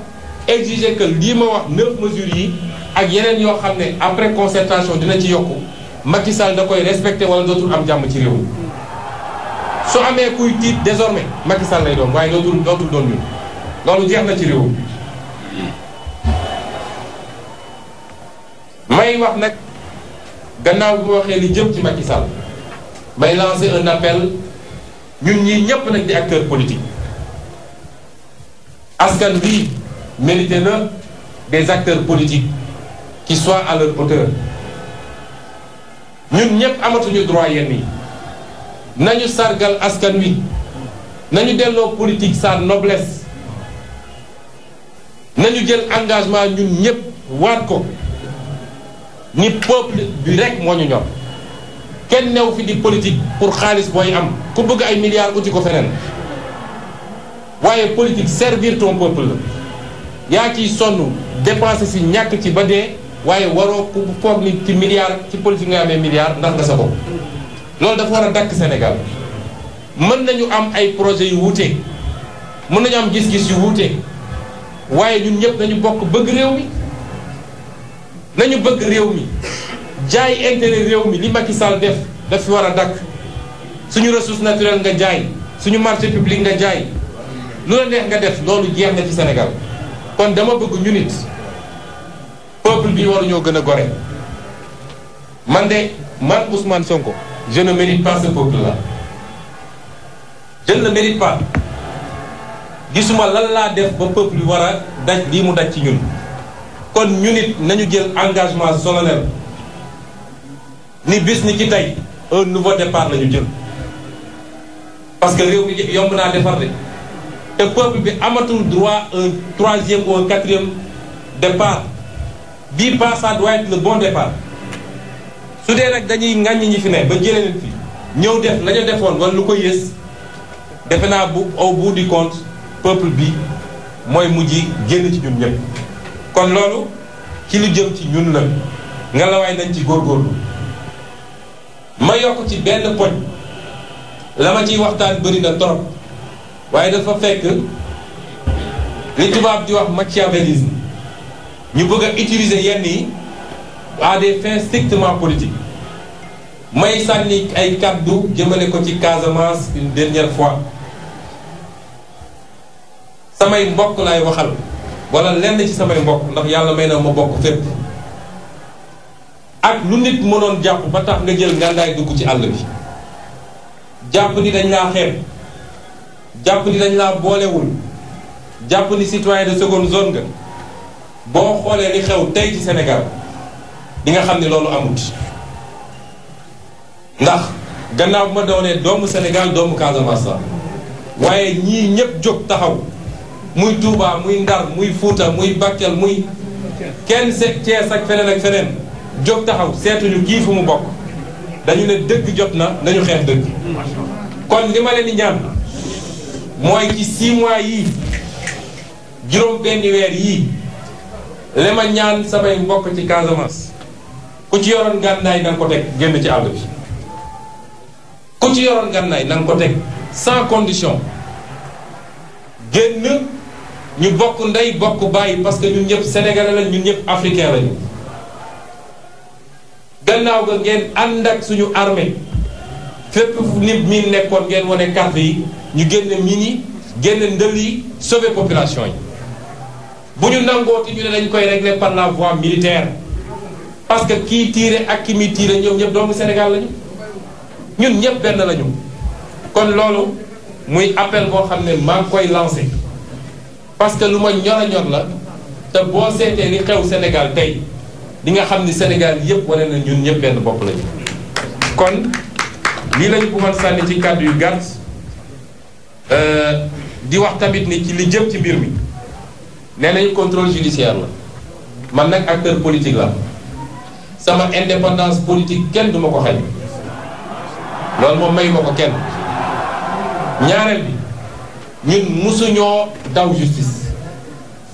exiger que lii ma wax neuf mesures yi ak yeneen yoo xam ne après concertation dina ci yokku Macky Sall da koy respecté wala dootul am jàmm ci réew mi su amee kuy tiit désormais Macky Sall lay doon waaye dootul dootul doon ñun loolu jeex na ci réew mi may wax nag gannaaw bi ma waxee li jëm ci Macky Sall may lancer un appel ñun ñii ñëpp nañ di acteur politique askan bii mérité na des acteurs politiques qui soit à leur hauteur ñun ñëpp amatuñu droit yenn yi nañu sargal askan wi nañu delloo politique sa noblesse nañu jël engagement ñun ñëpp waat ko ni peuple bi rek moo ñu ñor kenn new fi di politique pour xaalis booy am ku bëgg ay milliards uti ko feneen waaye politique servir ton peuple la yaa ciy sonn dépensé si ñàkk ci ba dee waaye waroo ku foog ni ci milliard ci politique nga amee milliard ndax nga sa bopp loolu dafa war a dakk senegal mën nañu am ay projet yu wuute mën nañu am gis-gis yu wuute waaye ñun ñëpp nañu bokk bëgg réew mi nañu bëgg réew mi jaay intérêt réew mi li Macky Sall def daf fi war a dakk suñu ressource naturelle nga jaay suñu marché public nga jaay lu la neex nga def loolu jeex na ci senegal kon dama bëgg ñu nit bi bi ñoo gën a gore man de man Ousmane Sonko je ne mérite pas ce peuple là je ne gisuma lan laa def ba peuple bi war a daj lii mu daj ci ñun kon ñu nit nañu jël engagement solennel ni bis ni ci tey un nouveau départ la ñu jël parce que réew mi yomb naa defar de te peuple bi amatul droit un troisième ou un quatrième départ bii pas ça doit être le bon départ su dee nag dañuy ŋàññi ñi fi ne ba jëlee fi ñëw def nañu defoon wala lu ko yées defe naa bu au bout du compte peuple bi mooy mujj génn ci ñun ñëpp. kon loolu ci lu jëm ci ñun la ngelawaay nañ ci góorgóorlu ma yokk ci benn poñ la ma ciy waxtaan bëri na trop. waaye dafa fekk li tubaab di wax machiavélisme ñu bëgg a utiliser yenn yi à des fins strictement politiques may sànni ay kàddu jëmmale ko ci Casamance une dernière fois samay mbokk laay waxal wala lenn ci samay mbokk ndax yàlla may na ma bokk fépp ak lu nit mënoon jàpp ba tax nga jël ngàndaay dugg ci àll bi jàpp ni dañ laa xeeb jàpp ni dañ laa boolewul jàpp ni citoyen de seconde zone nga boo xoolee li xew tey ci Sénégal di nga xam ni loolu amut ndax gannaaw bu ma doonee doomu Sénégal doomu Casamance la waaye ñii ñëpp jóg taxaw muy Touba muy Ndar muy Fuuta muy Bakel muy kenn seet Cees ak feneen ak feneen jóg taxaw seetuñu kii fu mu bokk dañu ne dëgg jot na nañu xeex dëgg kon li ma leen ñaan mooy ci six mois yii juróom benni weer yii li ma mbokk ci Casamance ku ci yoroon gànnaay na nga ko teg génn ci àll bi ku ci yoroon gànnaay na nga ko teg sans condition génn ñu bokk ndey bokk bàyyi parce que ñun ñëpp sénégalais lañ ñun ñëpp africain lañu gannaaw ga ngeen ànd ak suñu armée fépp nit mi nekkoon ngeen wane carte yi ñu génne mine yi génne ndël yi sauver population yi bu ñu nangooti ñu ne dañ koy régler par la voie militaire parce que kii tiire ak ki muy tiire ñoom ñëpp doomu Sénégal lañu ñun ñëpp benn lañu kon loolu muy appel boo xam ne maa ngi koy lancé parce que lu ma ñor a la te boo seetee li xew Sénégal tey di nga xam ni Sénégal yëpp wane na ñun ñëpp benn bopp lañu kon lii lañu bëggoon sànni ci kàddu yu gàtt. Euh, di wax tamit ni ci li jëm ci mbir mi nee nañu contrôle judiciaire la man nag acteur politique la sama indépendance politique kenn du ko xañ loolu moom mayu ma ko kenn ñaareel bi ñun musuñoo daw justice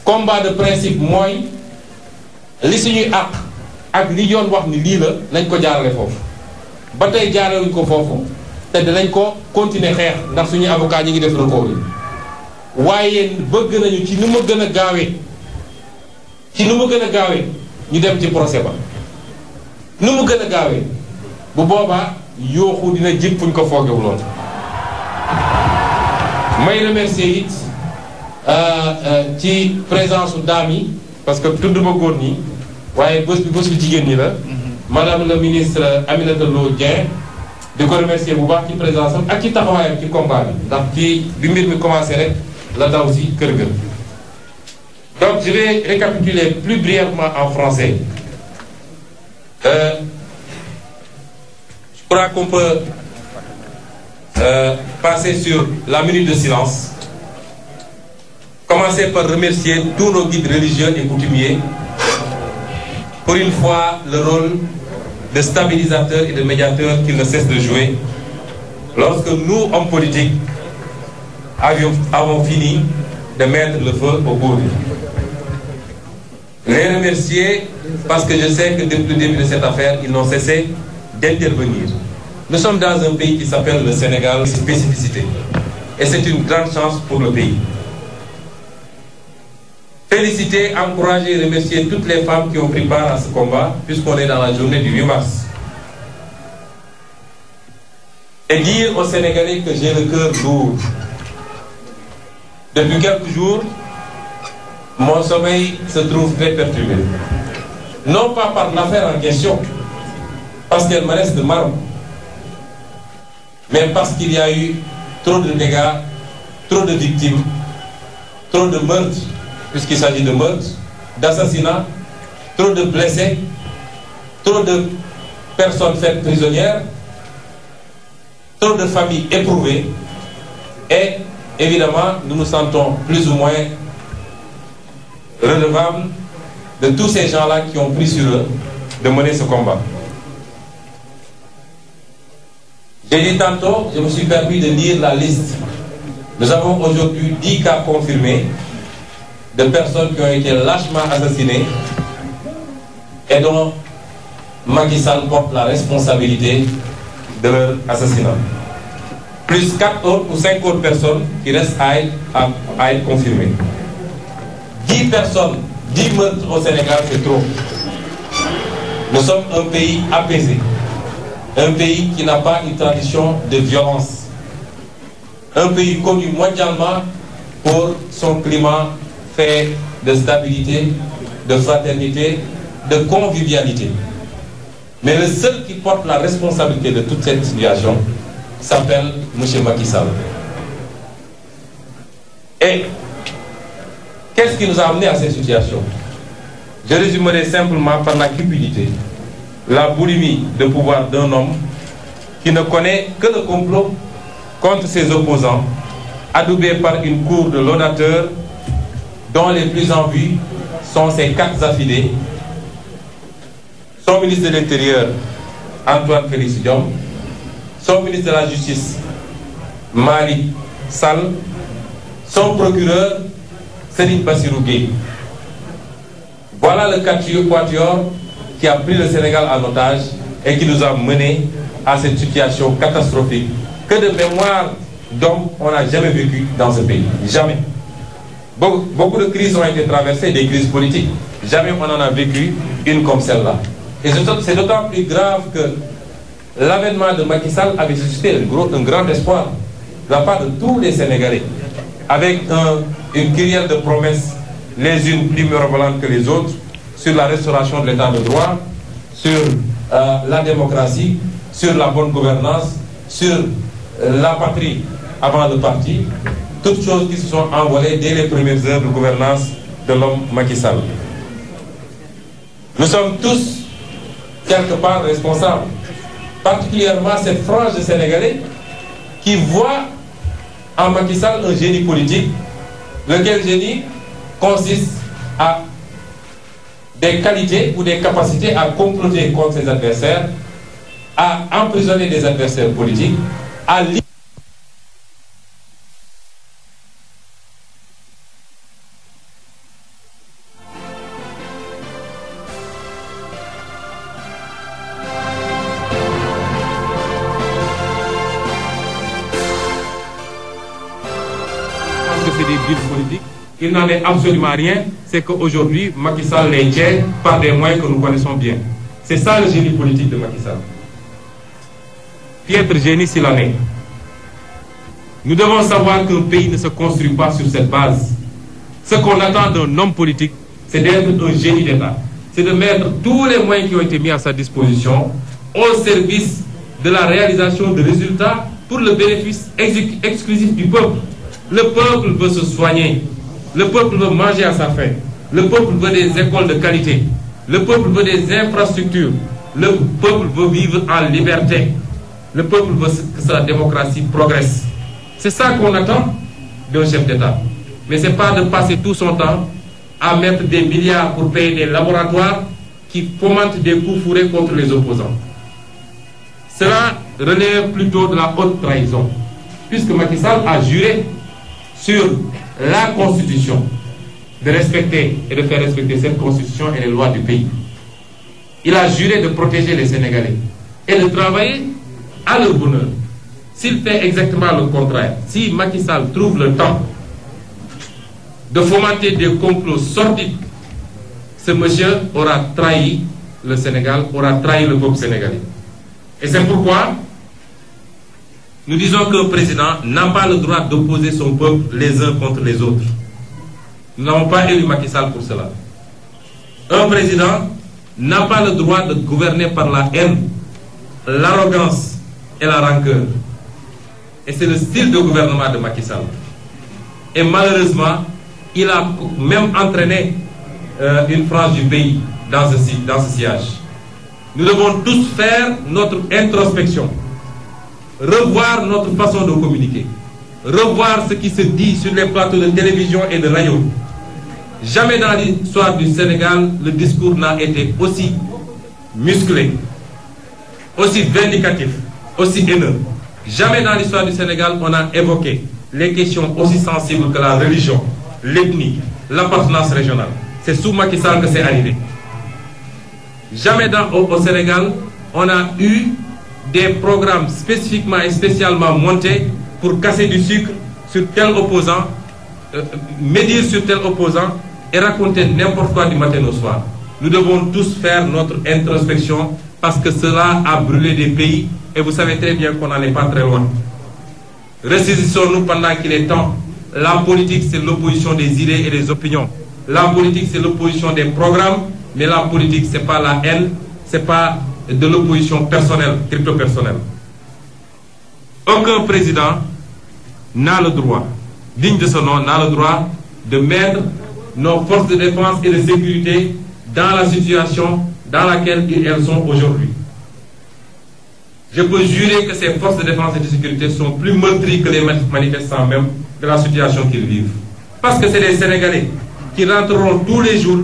combat de principe mooy li suñuy àq ak li yoon wax ni lii la nañ ko jaarale foofu ba tey jaarewuñ ko foofu te danañ ko continuer xeex ndax suñu avocat ñi ngi def recours yi waaye bëgg nañu ci nu ma gën a gaawee ci nu ma gën a gaawee ñu dem ci procès ba nu mu gën a gaawee bu boobaa yooxu dina jib fuñ ko foogewuloon may remercier it euh, euh, ci présence su daam yi parce que tudd ma góor nii waaye bës bi bés bu jigéen ñi la mm-hmm. madame la ministre Aminata Lo Dieng di ko remercier bu baax ci présence am ak ci taxawaayam ci combat bi ndax mbir mi commencé rek la daw si kër ga donc je vais récapituler plus brièvement en français euh, je crois qu'on euh, passer sur la minute de silence commencer par remercier tous nos guides religieux et coutumiers pour une fois le rôle de stabilisateur et de médiateur qu'il ne cesse de jouer. Lorsque nous, hommes politiques, avons fini de mettre le feu au bout. Les parce que je sais que depuis le début de cette affaire, ils n'ont cessé d'intervenir. Nous sommes dans un pays qui s'appelle le Sénégal, spécificité. Et c'est une grande chance pour le pays. Féliciter, encourager et remercier toutes les femmes qui ont pris part à ce combat, puisqu'on est dans la journée du 8 mars. Et dire aux Sénégalais que j'ai le cœur lourd. Depuis quelques jours, mon sommeil se trouve très perturbé. Non pas par l'affaire en question, parce qu'elle me reste de marbre, mais parce qu'il y a eu trop de dégâts, trop de victimes, trop de meurtres puisqu'il s'agit de meurtres, d'assassinats, trop de blessés, trop de personnes faites prisonnières, trop de familles éprouvées. Et évidemment, nous nous sentons plus ou moins redevables de tous ces gens-là qui ont pris sur eux de mener ce combat. J'ai dit tantôt, je me suis permis de lire la liste. Nous avons aujourd'hui 10 cas confirmés de personnes qui ont été lâchement assassinées et dont Macky porte la responsabilité de leur assassinat. Plus quatre autres ou cinq autres personnes qui restent à être, confirmées. 10 personnes, 10 meurtres au Sénégal, c'est trop. Nous sommes un pays apaisé, un pays qui n'a pas une tradition de violence, un pays connu mondialement pour son climat fait de stabilité, de fraternité, de convivialité. Mais le seul qui porte la responsabilité de toute cette situation s'appelle M. Macky Sall. Et qu'est-ce qui nous a amené à cette situation Je résumerai simplement par la cupidité, la boulimie de pouvoir d'un homme qui ne connaît que le complot contre ses opposants, adoubé par une cour de l'onateur dont les plus en sont ses quatre affidés, son ministre de l'Intérieur, Antoine Félix son ministre de la Justice, Malik Sall, son procureur, Serigne Bassirou Voilà le quatuor qui a pris le Sénégal en otage et qui nous a menés à cette situation catastrophique que de mémoire d'hommes on n'a jamais vécu dans ce pays. Beaucoup, beaucoup de crises ont été traversées, des crises politiques. Jamais on n'en a vécu une comme celle-là. c'est d'autant plus grave que l'avènement de Macky avait suscité un, grand espoir de la part de tous les Sénégalais, avec un, une kyrielle de promesses, les unes plus mirabolantes que les autres, sur la restauration de l'état de droit, sur euh, la démocratie, sur la bonne euh, la patrie avant le parti, toutes choses qui se sont envolées dès les premières heures de gouvernance de l'homme Macky Nous sommes tous quelque part responsables, particulièrement cette frange de Sénégalais qui voit en Macky Sall un génie politique, lequel génie consiste à des qualités ou des capacités à comploter contre ses adversaires, à emprisonner des adversaires politiques, n'en est absolument rien, c'est qu'aujourd'hui, Macky Sall les tient par des moyens que nous connaissons bien. C'est ça le génie politique de devons savoir qu'un pays ne se construit pas sur cette base. Ce qu'on attend d'un homme politique, c'est d'être un génie d'État. C'est de mettre tous les moyens qui ont été mis à sa disposition au service de la réalisation de résultats pour le bénéfice exclusif du peuple. Le peuple veut se soigner. Le peuple veut manger à sa faim. Le peuple veut des écoles de qualité. Le peuple veut des infrastructures. Le peuple veut vivre en liberté. Le peuple veut que sa démocratie progresse. C'est ça qu'on attend d'un chef d'État. Mais ce n'est pas de passer tout son temps à mettre des milliards pour payer des laboratoires qui fomentent des coups fourrés contre les opposants. Cela relève plutôt de la haute trahison, puisque Macky a juré sur la constitution, de respecter et de faire respecter cette constitution et les lois du pays. Il a juré de protéger les Sénégalais et de travailler à leur bonheur. S'il fait exactement le contraire, si Macky Sall trouve le temps de fomenter des complots sordides, ce monsieur aura trahi le Sénégal, aura trahi le peuple sénégalais. Et c'est pourquoi Nous disons qu'un président n'a pas le droit d'opposer son peuple les uns contre les autres. Nous n'avons pas élu Macky Sall pour cela. Un président n'a pas le droit de gouverner par la haine, l'arrogance et la rancœur. Et c'est le style de gouvernement de Macky Sall. Et malheureusement, il a même entraîné euh, une France du pays dans ce, dans ce sillage. Nous devons tous faire notre introspection. revoir notre façon de communiquer, revoir ce qui se dit sur les plateaux de télévision et de radio. Jamais dans l'histoire du Sénégal, le discours n'a été aussi musclé, aussi vindicatif, aussi haineux. Jamais dans l'histoire du Sénégal, on a évoqué les questions aussi sensibles que la religion, l'ethnie, l'appartenance régionale. C'est sous Macky Sall que c'est arrivé. Jamais dans, au, au Sénégal, on a eu des programmes spécifiquement et spécialement montés pour casser du sucre sur tel opposant, euh, euh, médire sur tel opposant et raconter n'importe quoi du matin au soir. Nous devons tous faire notre introspection parce que cela a brûlé des pays et vous savez très bien qu'on n'en est pas très loin. Ressaisissons-nous pendant qu'il est temps. La politique, c'est l'opposition des idées et des opinions. La politique, c'est l'opposition des programmes, mais la politique, c'est et de l'opposition personnelle, crypto-personnelle. Aucun président n'a le droit, digne de ce nom, n'a le droit de mettre nos forces de défense et de sécurité dans la situation dans laquelle elles sont aujourd'hui. Je peux jurer que ces forces de défense et de sécurité sont plus meurtries que les manifestants même de la situation qu'ils vivent. Parce que c'est les Sénégalais qui rentreront tous les jours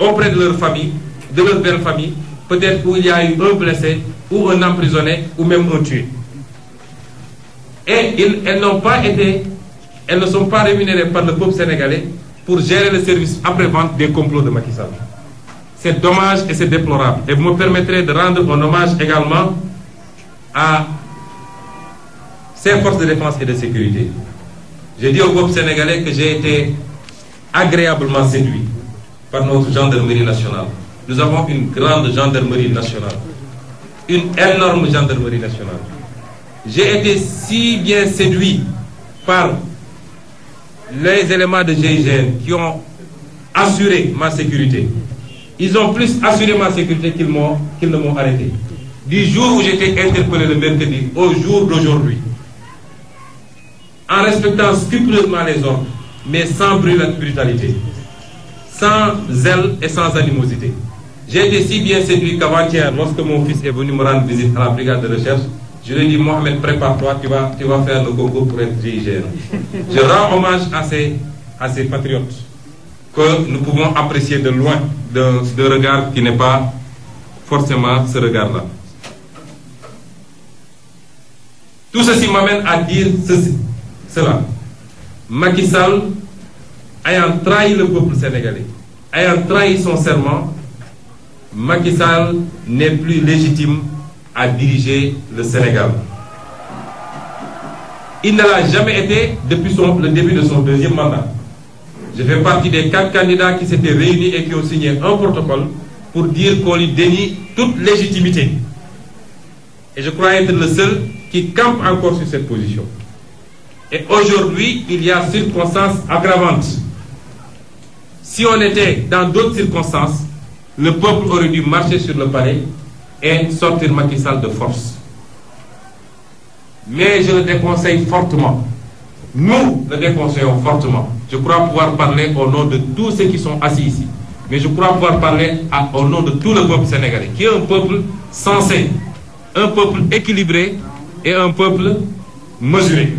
auprès de leur famille, de leur belle famille, peut-être où il y a eu un blessé ou un emprisonné ou même un tué. Et ils, elles n'ont pas été, elles ne sont pas rémunérées par le peuple sénégalais pour gérer le service après-vente des complots de Macky Sall. C'est dommage et c'est déplorable. Et vous me permettrez de rendre un hommage également à ces forces de défense et de sécurité. J'ai dit au peuple sénégalais que j'ai été agréablement séduit par notre gendarmerie nationale. nous avons une grande gendarmerie nationale une énorme gendarmerie nationale j'ai été si bien séduit par les éléments de GIGN qui ont assuré ma sécurité ils ont plus assuré ma sécurité qu'ils m'ont qu'ils ne m'ont arrêté du jour où j'étais interpellé le mercredi au jour d'aujourd'hui en respectant scrupuleusement les ordres mais sans brutalité sans zèle et sans animosité J'ai été si bien séduit qu'avant-hier, lorsque mon fils est venu me visite à la brigade de recherche, je lui ai dit, Mohamed, prépare-toi, tu vas, faire le concours pour être GIGN. Je rends hommage à ces, patriotes que nous pouvons apprécier de loin, d'un regard qui n'est pas forcément ce regard-là. Tout ceci m'amène à dire cela. Macky ayant trahi le peuple sénégalais, ayant trahi son serment, Macky Sall n'est plus légitime à diriger le Sénégal. Il ne l'a jamais été depuis son, le début de son deuxième mandat. Je fais partie des quatre candidats qui s'étaient réunis et qui ont signé un protocole pour dire qu'on lui dénie toute légitimité. Et je crois être le seul qui campe encore sur cette position. Et aujourd'hui, il y a circonstances aggravantes. Si on était dans d'autres circonstances, le peuple aurait dû marcher sur le palais et sortir Macky de force. Mais je le déconseille fortement. Nous le déconseillons fortement. Je crois pouvoir parler au nom de tous ceux qui sont assis ici. Mais je crois pouvoir parler à, au nom de tout le peuple sénégalais, qui est un peuple sensé, un peuple équilibré et un peuple mesuré.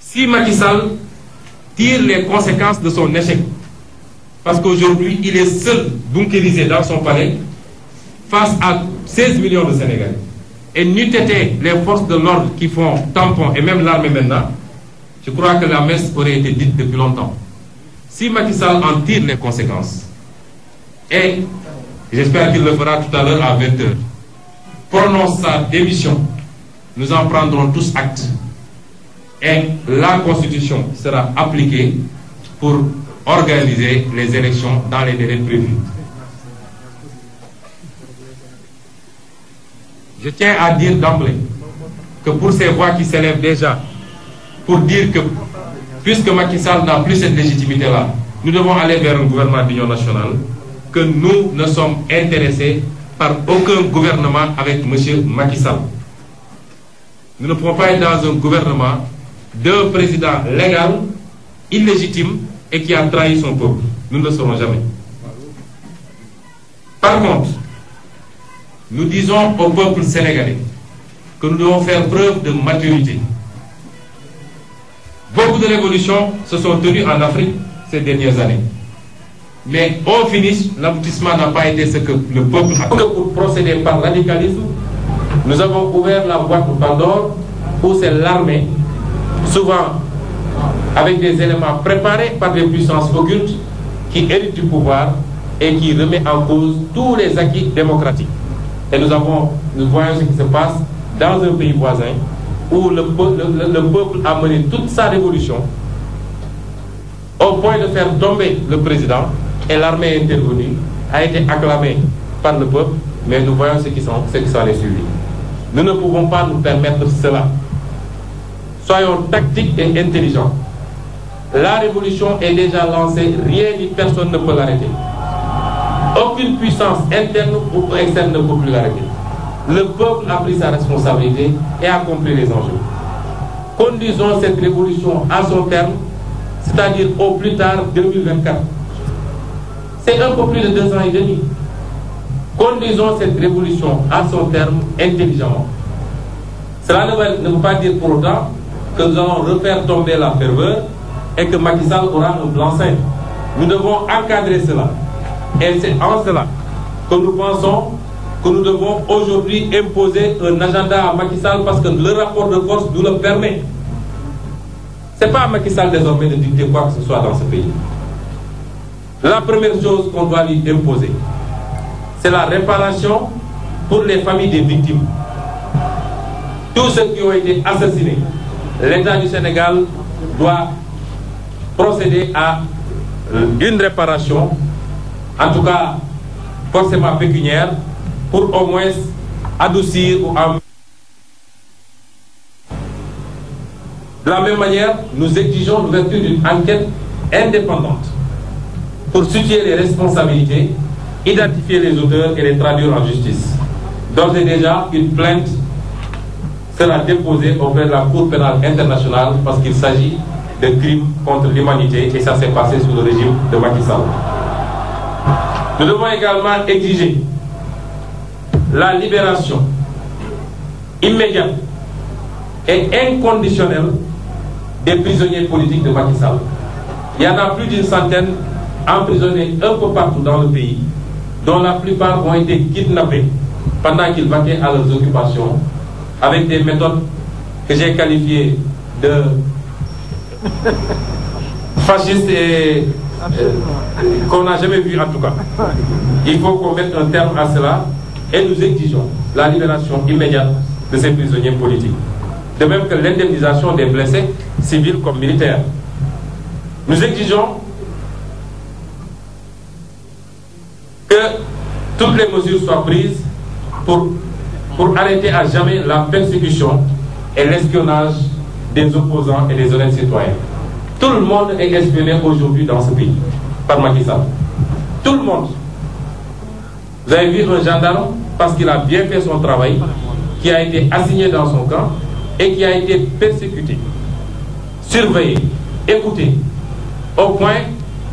Si Macky tire les conséquences de son échec. Parce qu'aujourd'hui, il est seul bunkérisé dans son palais face à 16 millions de Sénégalais. Et n'eût été les forces de l'ordre qui font tampon, et même l'armée maintenant, je crois que la messe aurait été dite depuis longtemps. Si Macky Sall en tire les conséquences, et j'espère qu'il le fera tout à l'heure à 20h, prononce sa démission, nous en prendrons tous acte. et la Constitution sera appliquée pour organiser les élections dans les délais prévus. Je tiens à dire d'emblée que pour ces voix qui s'élèvent déjà, pour dire que puisque Macky Sall n'a plus cette légitimité-là, nous devons aller vers un gouvernement d'union nationale, que nous ne sommes intéressés par aucun gouvernement avec M. Macky Nous ne pouvons pas être dans un gouvernement d'un président légal, illégitime et qui a trahi son peuple. Nous ne le serons jamais. Par contre, nous disons au peuple sénégalais que nous devons faire preuve de maturité. Beaucoup de révolutions se sont tenues en Afrique ces dernières années. Mais au finish, l'aboutissement n'a pas été ce que le peuple a Pour procéder par radicalisme, nous avons ouvert la voie pour Pandore c'est l'armée souvent avec des éléments préparés par des puissances occultes qui héritent du pouvoir et qui remet en cause tous les acquis démocratiques. Et nous avons, nous voyons ce qui se passe dans un pays voisin où le, le, le, le peuple a mené toute sa révolution au point de faire tomber le président et l'armée intervenue, a été acclamée par le peuple, mais nous voyons ce qui sont, ce Nous ne pouvons pas nous permettre cela. Soyons tactiques et intelligents. La révolution est déjà lancée, rien ni personne ne peut l'arrêter. Aucune puissance interne ou externe ne peut plus l'arrêter. Le peuple a pris sa responsabilité et a compris les enjeux. Conduisons cette révolution à son terme, c'est-à-dire au plus tard 2024. C'est un peu plus de deux ans et demi. Conduisons cette révolution à son terme intelligemment. Cela ne pas dire pour autant que nous allons refaire tomber la ferveur et que Macky Sall aura un blanc-seing. Nous devons encadrer cela. Et c'est en cela que nous pensons que nous devons aujourd'hui imposer un agenda à Macky parce que le rapport de force nous le permet. Ce pas à Macky désormais de dicter quoi que ce soit dans ce pays. La première chose qu'on doit lui imposer, c'est la réparation pour les familles des victimes. Tous ceux qui ont été assassinés, l'État du Sénégal doit procéder à euh, une réparation, en tout cas forcément pécuniaire, pour au moins adoucir ou en... De la même manière, nous exigeons l'ouverture d'une enquête indépendante pour situer les responsabilités, identifier les auteurs et les traduire en justice. D'ores et déjà, une plainte sera déposé auprès de la Cour pénale internationale parce qu'il s'agit de crimes contre l'humanité et ça s'est passé sous le régime de Macky Nous devons également exiger la libération immédiate et inconditionnelle des prisonniers politiques de Macky Il y en a plus d'une centaine emprisonnés un peu partout dans le pays, dont la plupart ont été kidnappés pendant qu'ils vaquaient à leurs occupations avec des méthodes que j'ai qualifiées de fascistes et euh, qu'on n'a jamais vues en tout cas. Il faut qu'on mette un terme à cela et nous exigeons la libération immédiate de ces prisonniers politiques. De même que l'indemnisation des blessés, civils comme militaires. Nous exigeons que toutes les mesures soient prises pour pour arrêter à jamais la persécution et l'espionnage des opposants et des honnêtes citoyens. Tout le monde est espionné aujourd'hui dans ce pays par Macky Sall. Tout le monde. Vous avez vu un gendarme, parce qu'il a bien fait son travail, qui a été assigné dans son camp et qui a été persécuté, surveillé, écouté, au point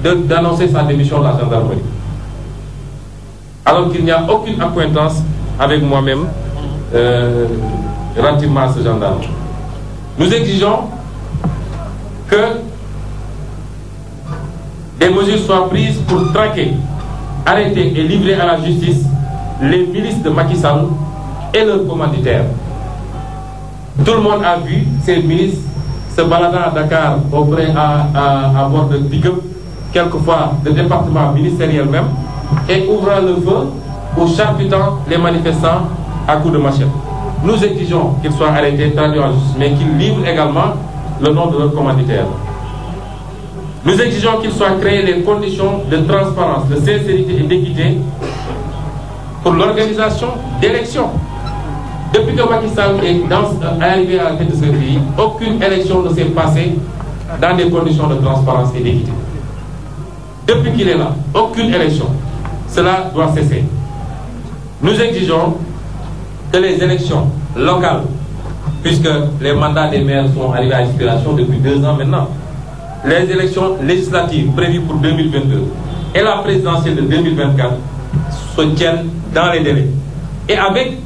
d'annoncer sa démission de la gendarmerie. Alors qu'il n'y a aucune acquaintance avec moi-même euh, relativement à ce gendarme. Nous exigeons que des mesures soient prises pour traquer, arrêter et livrer à la justice les milices de Macky Sall et leurs commanditaires. Tout le monde a vu ces milices se baladant Dakar auprès à, à, bord de pick-up, quelquefois de département ministériel même, et ouvrant le feu ou charcutant les manifestants à de machette. Nous exigeons qu'ils soient arrêtés, traduits justice, mais qu'ils livrent également le nom de leur commanditaire. Nous exigeons qu'il soit créé les conditions de transparence, de sincérité et d'équité pour l'organisation d'élections. Depuis que Macky Sall est dans, euh, arrivé à la tête de ce pays, des conditions de transparence et d'équité. Depuis qu'il est là, aucune élection. Cela doit cesser. Nous exigeons que les élections locales, puisque les mandats des maires sont arrivés à expiration depuis deux ans maintenant, les élections législatives prévues pour 2022 et la présidentielle de 2024 se tiennent dans les délais. Et avec,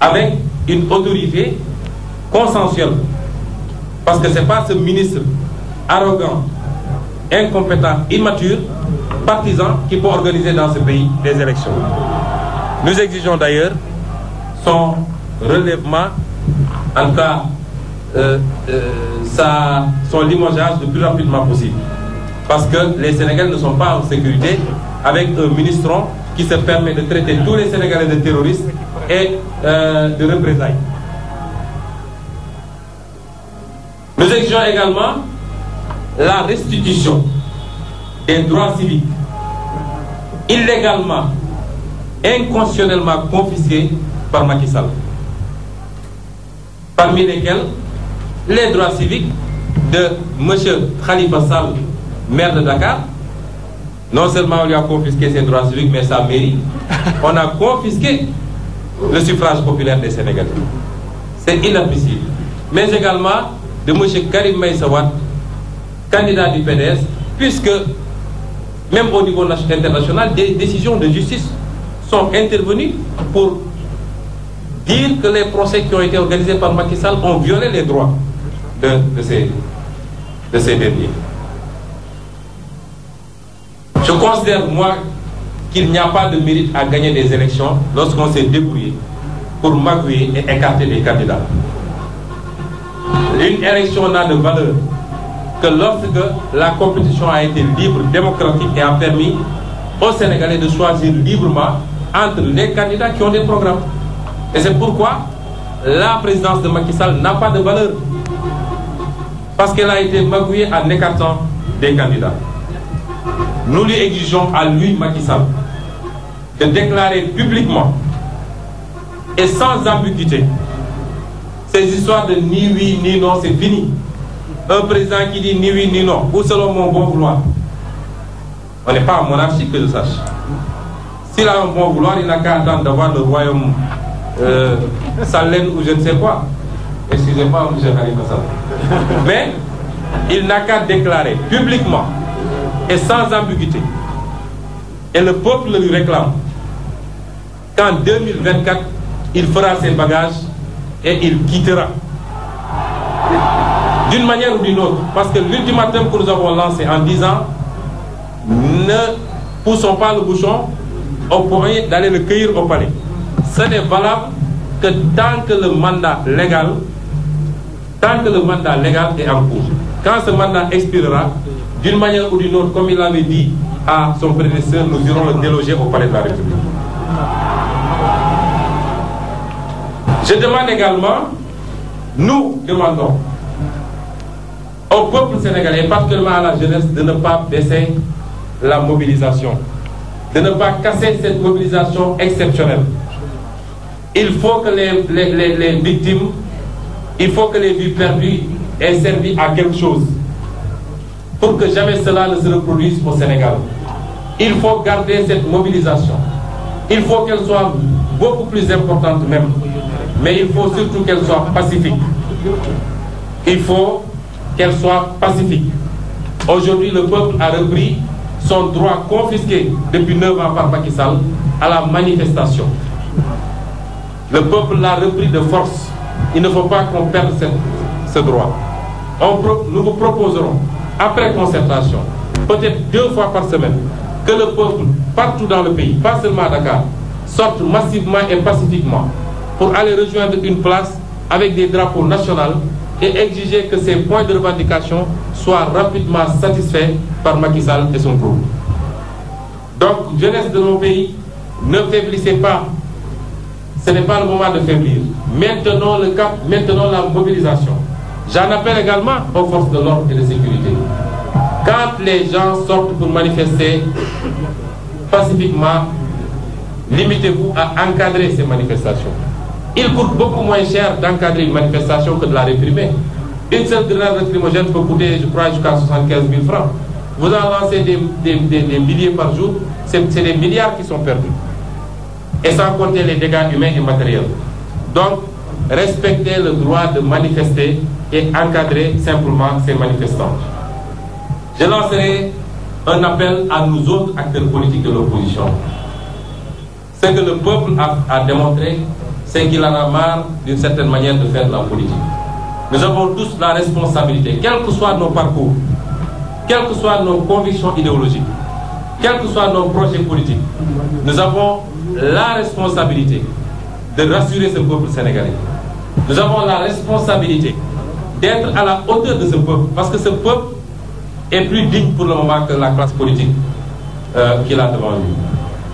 avec une autorité consensuelle. Parce que ce n'est pas ce ministre arrogant, incompétent, immature, partisan qui peut organiser dans ce pays des élections. Nous exigeons d'ailleurs son relèvement, en tout cas euh, euh, son limogeage le plus rapidement possible. Parce que les Sénégalais ne sont pas en sécurité avec ministron qui se permet de traiter tous les Sénégalais de terroristes et euh, de représailles. Nous exigeons également la restitution des droits civiques illégalement inconstitutionnellement confisqués par Macky Sall. Parmi lesquels les droits civiques de monsieur Khalifa Sall, maire Non seulement on lui a confisqué ses droits civiques, mais sa mairie. On a confisqué le suffrage populaire des Sénégalais. C'est inadmissible. Mais également de monsieur Karim Meïssa Wade, candidat du PDS, puisque même au niveau international, des de justice sont intervenus pour dire que les procès qui ont été organisés par Macky Sall ont violé les droits de, ces, derniers. Je considère, moi, qu'il n'y a pas de mérite à gagner des élections lorsqu'on s'est débrouillé pour magouiller et écarter les candidats. Une élection n'a de valeur que lorsque la compétition a été libre, démocratique et a permis aux Sénégalais de choisir librement entre les candidats qui ont des programmes. Et c'est pourquoi la présidence de Macky Sall n'a pas de valeur. Parce qu'elle a été magouillée en écartant des candidats. Nous lui exigeons à lui, Macky Sall, de déclarer publiquement et sans ambiguïté ces histoires de ni oui ni non, c'est fini. Un président qui dit ni oui ni non, ou selon mon bon vouloir. On n'est pas en monarchie que je sache. S'il a un bon vouloir, il n'a qu'à attendre d'avoir le royaume euh, Salène ou je ne sais quoi. Excusez-moi, M. Khalifa Sall. Mais il n'a qu'à déclarer publiquement et sans ambiguïté, et le peuple lui réclame, qu'en il fera ses bagages et il quittera. D'une manière ou d'une autre, parce que l'ultimatum que nous avons lancé en disant ne poussons pas le bouchon, au point d'aller le cueillir au palais. Ce n'est valable que tant que le mandat légal, tant que le mandat légal est en cours. Quand ce mandat expirera, d'une manière ou d'une autre, comme il l'avait dit à son prédécesseur, nous irons le déloger au palais de la République. Je demande également, nous demandons au peuple sénégalais, particulièrement à la jeunesse, de ne pas baisser la mobilisation. ce ne va casser cette mobilisation exceptionnelle. Il faut que les, les, les, victimes, il faut que les vies perdues aient servi à quelque chose pour que jamais cela ne se reproduise au Sénégal. Il faut garder cette mobilisation. Il faut qu'elle soit beaucoup plus importante même. Mais il faut surtout qu'elle soit pacifique. Il faut qu'elle soit pacifique. Aujourd'hui, le peuple a repris son droit confisqué depuis 9 ans par Macky Sall à la manifestation. Le peuple l'a repris de force. Il ne faut pas qu'on perde cette, ce droit. On, nous vous proposerons, après concertation, peut-être deux fois par semaine, que le peuple, partout dans le pays, pas seulement à Dakar, sorte massivement et pacifiquement pour aller rejoindre une place avec des drapeaux nationaux et exiger que ces points de revendication soient rapidement satisfaits par Macky Sall et son groupe. Donc, jeunesse de nos pays, ne faiblissez pas. Ce n'est pas le moment de faiblir. Maintenant le cap, maintenant la mobilisation. J'en appelle également aux forces de l'ordre et de sécurité. Quand les gens sortent pour manifester pacifiquement, limitez-vous à encadrer ces manifestations. Il coûte beaucoup moins cher d'encadrer une manifestation que de la réprimer. Une seule grenade lacrymogène peut coûter, jusqu'à francs. Vous en lancez des, milliers par jour, c'est des milliards qui sont perdus. Et sans compter les dégâts humains et matériels. Donc, respecter le droit de manifester et encadrer simplement ces manifestants. Je lancerai un appel à nous autres acteurs politiques de l'opposition. Ce que le peuple a démontré c'est qu'il en a marre d'une certaine manière de faire de la politique. Nous avons tous la responsabilité, quels que soient nos parcours, quelles que soient nos convictions idéologiques, quels que soient nos projets politiques, nous avons la responsabilité de rassurer ce peuple sénégalais. Nous avons la responsabilité d'être à la hauteur de ce peuple, parce que ce peuple est plus digne pour le moment que la classe politique euh, qu'il devant lui.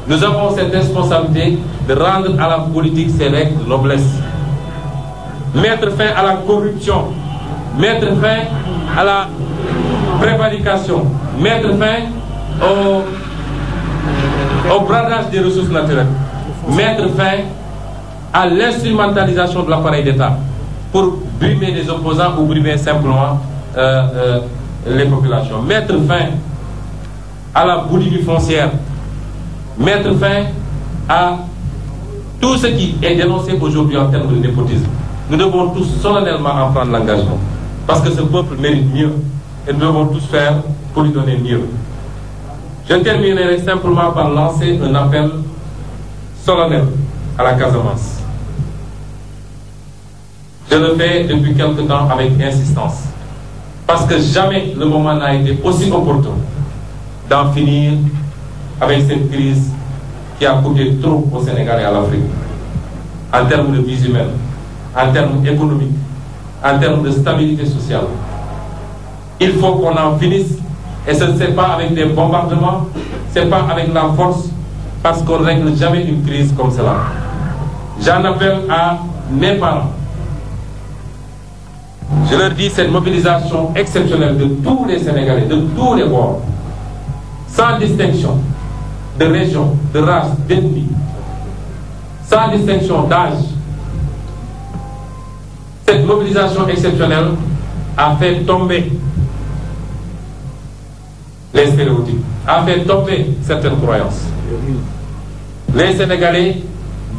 Nous avons cette responsabilité de rendre à la politique ses règles noblesse. Mettre fin à la corruption, mettre fin à la prévarication, mettre fin au, au des ressources naturelles, mettre fin à l'instrumentalisation de l'appareil d'État pour brimer les opposants ou brimer simplement euh, euh, les populations. Mettre fin à la boulimie foncière mettre fin à tout ce qui est dénoncé aujourd'hui en termes de Nous devons tous solennellement en l'engagement, parce que ce peuple mérite mieux, et nous devons tous faire pour lui donner mieux. Je terminerai simplement par lancer un appel solennel à la Casamance. Je le fais depuis quelque temps avec insistance, parce que jamais le moment n'a été aussi opportun d'en finir avec cette crise qui a coûté trop au Sénégal à l'Afrique, en termes de vies humaines, en termes économiques, en termes de stabilité sociale. Il faut qu'on en finisse, et ce n'est pas avec des bombardements, ce pas avec la force, parce qu'on ne règle jamais une crise comme cela. J'en appelle à mes parents. Je leur dis cette mobilisation exceptionnelle de tous les Sénégalais, de tous les bords, sans distinction, de région, de race, d'ethnie, sans distinction d'âge. Cette mobilisation exceptionnelle a fait tomber les stéréotypes, a fait tomber certaines croyances. Les Sénégalais,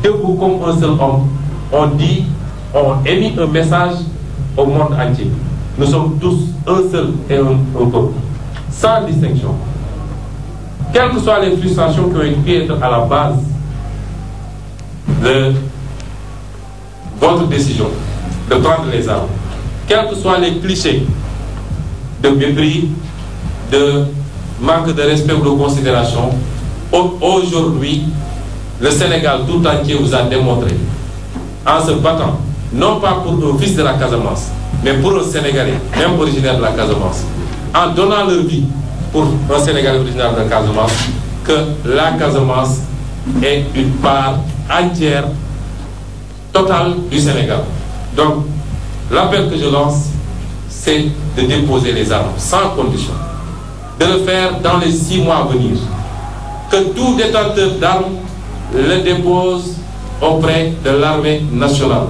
debout comme un seul homme, ont dit, ont émis un message au monde entier. Nous sommes tous un seul et un, un peuple, distinction. quelles que soient les frustrations qui ont pu être à la base de votre décision de prendre les armes, quels que soient les clichés de mépris, de manque de respect ou de considération, aujourd'hui, le Sénégal tout entier vous a démontré, en se battant, non pas pour nos de la Casamance, mais pour les Sénégalais, même originaires de la Casamance, en donnant leur vie pour un Sénégalais originaire de Casamance que la Casamance est une part entière, totale du Sénégal. Donc, l'appel que je lance, c'est de déposer les armes sans condition, de le faire dans les six mois à venir, que tout détenteur d'armes le dépose auprès de l'armée nationale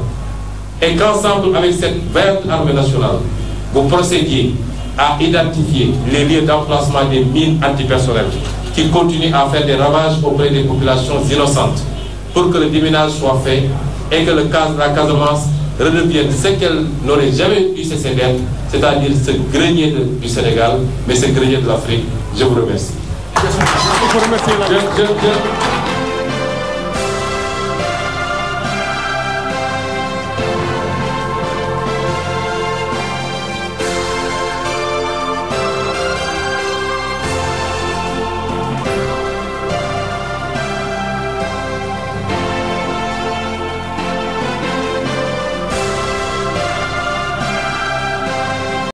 et qu'ensemble avec cette verte armée nationale, vous procédiez à identifier les lieux d'emplacement des mines antipersonnelles qui continuent à faire des ravages auprès des populations innocentes pour que le déménage soit fait et que le cas, la Casamance redevienne ce qu'elle n'aurait jamais eu cessé d'être, c'est-à-dire ce grenier du Sénégal, mais ce grenier de l'Afrique. Je vous remercie. Je, je, je,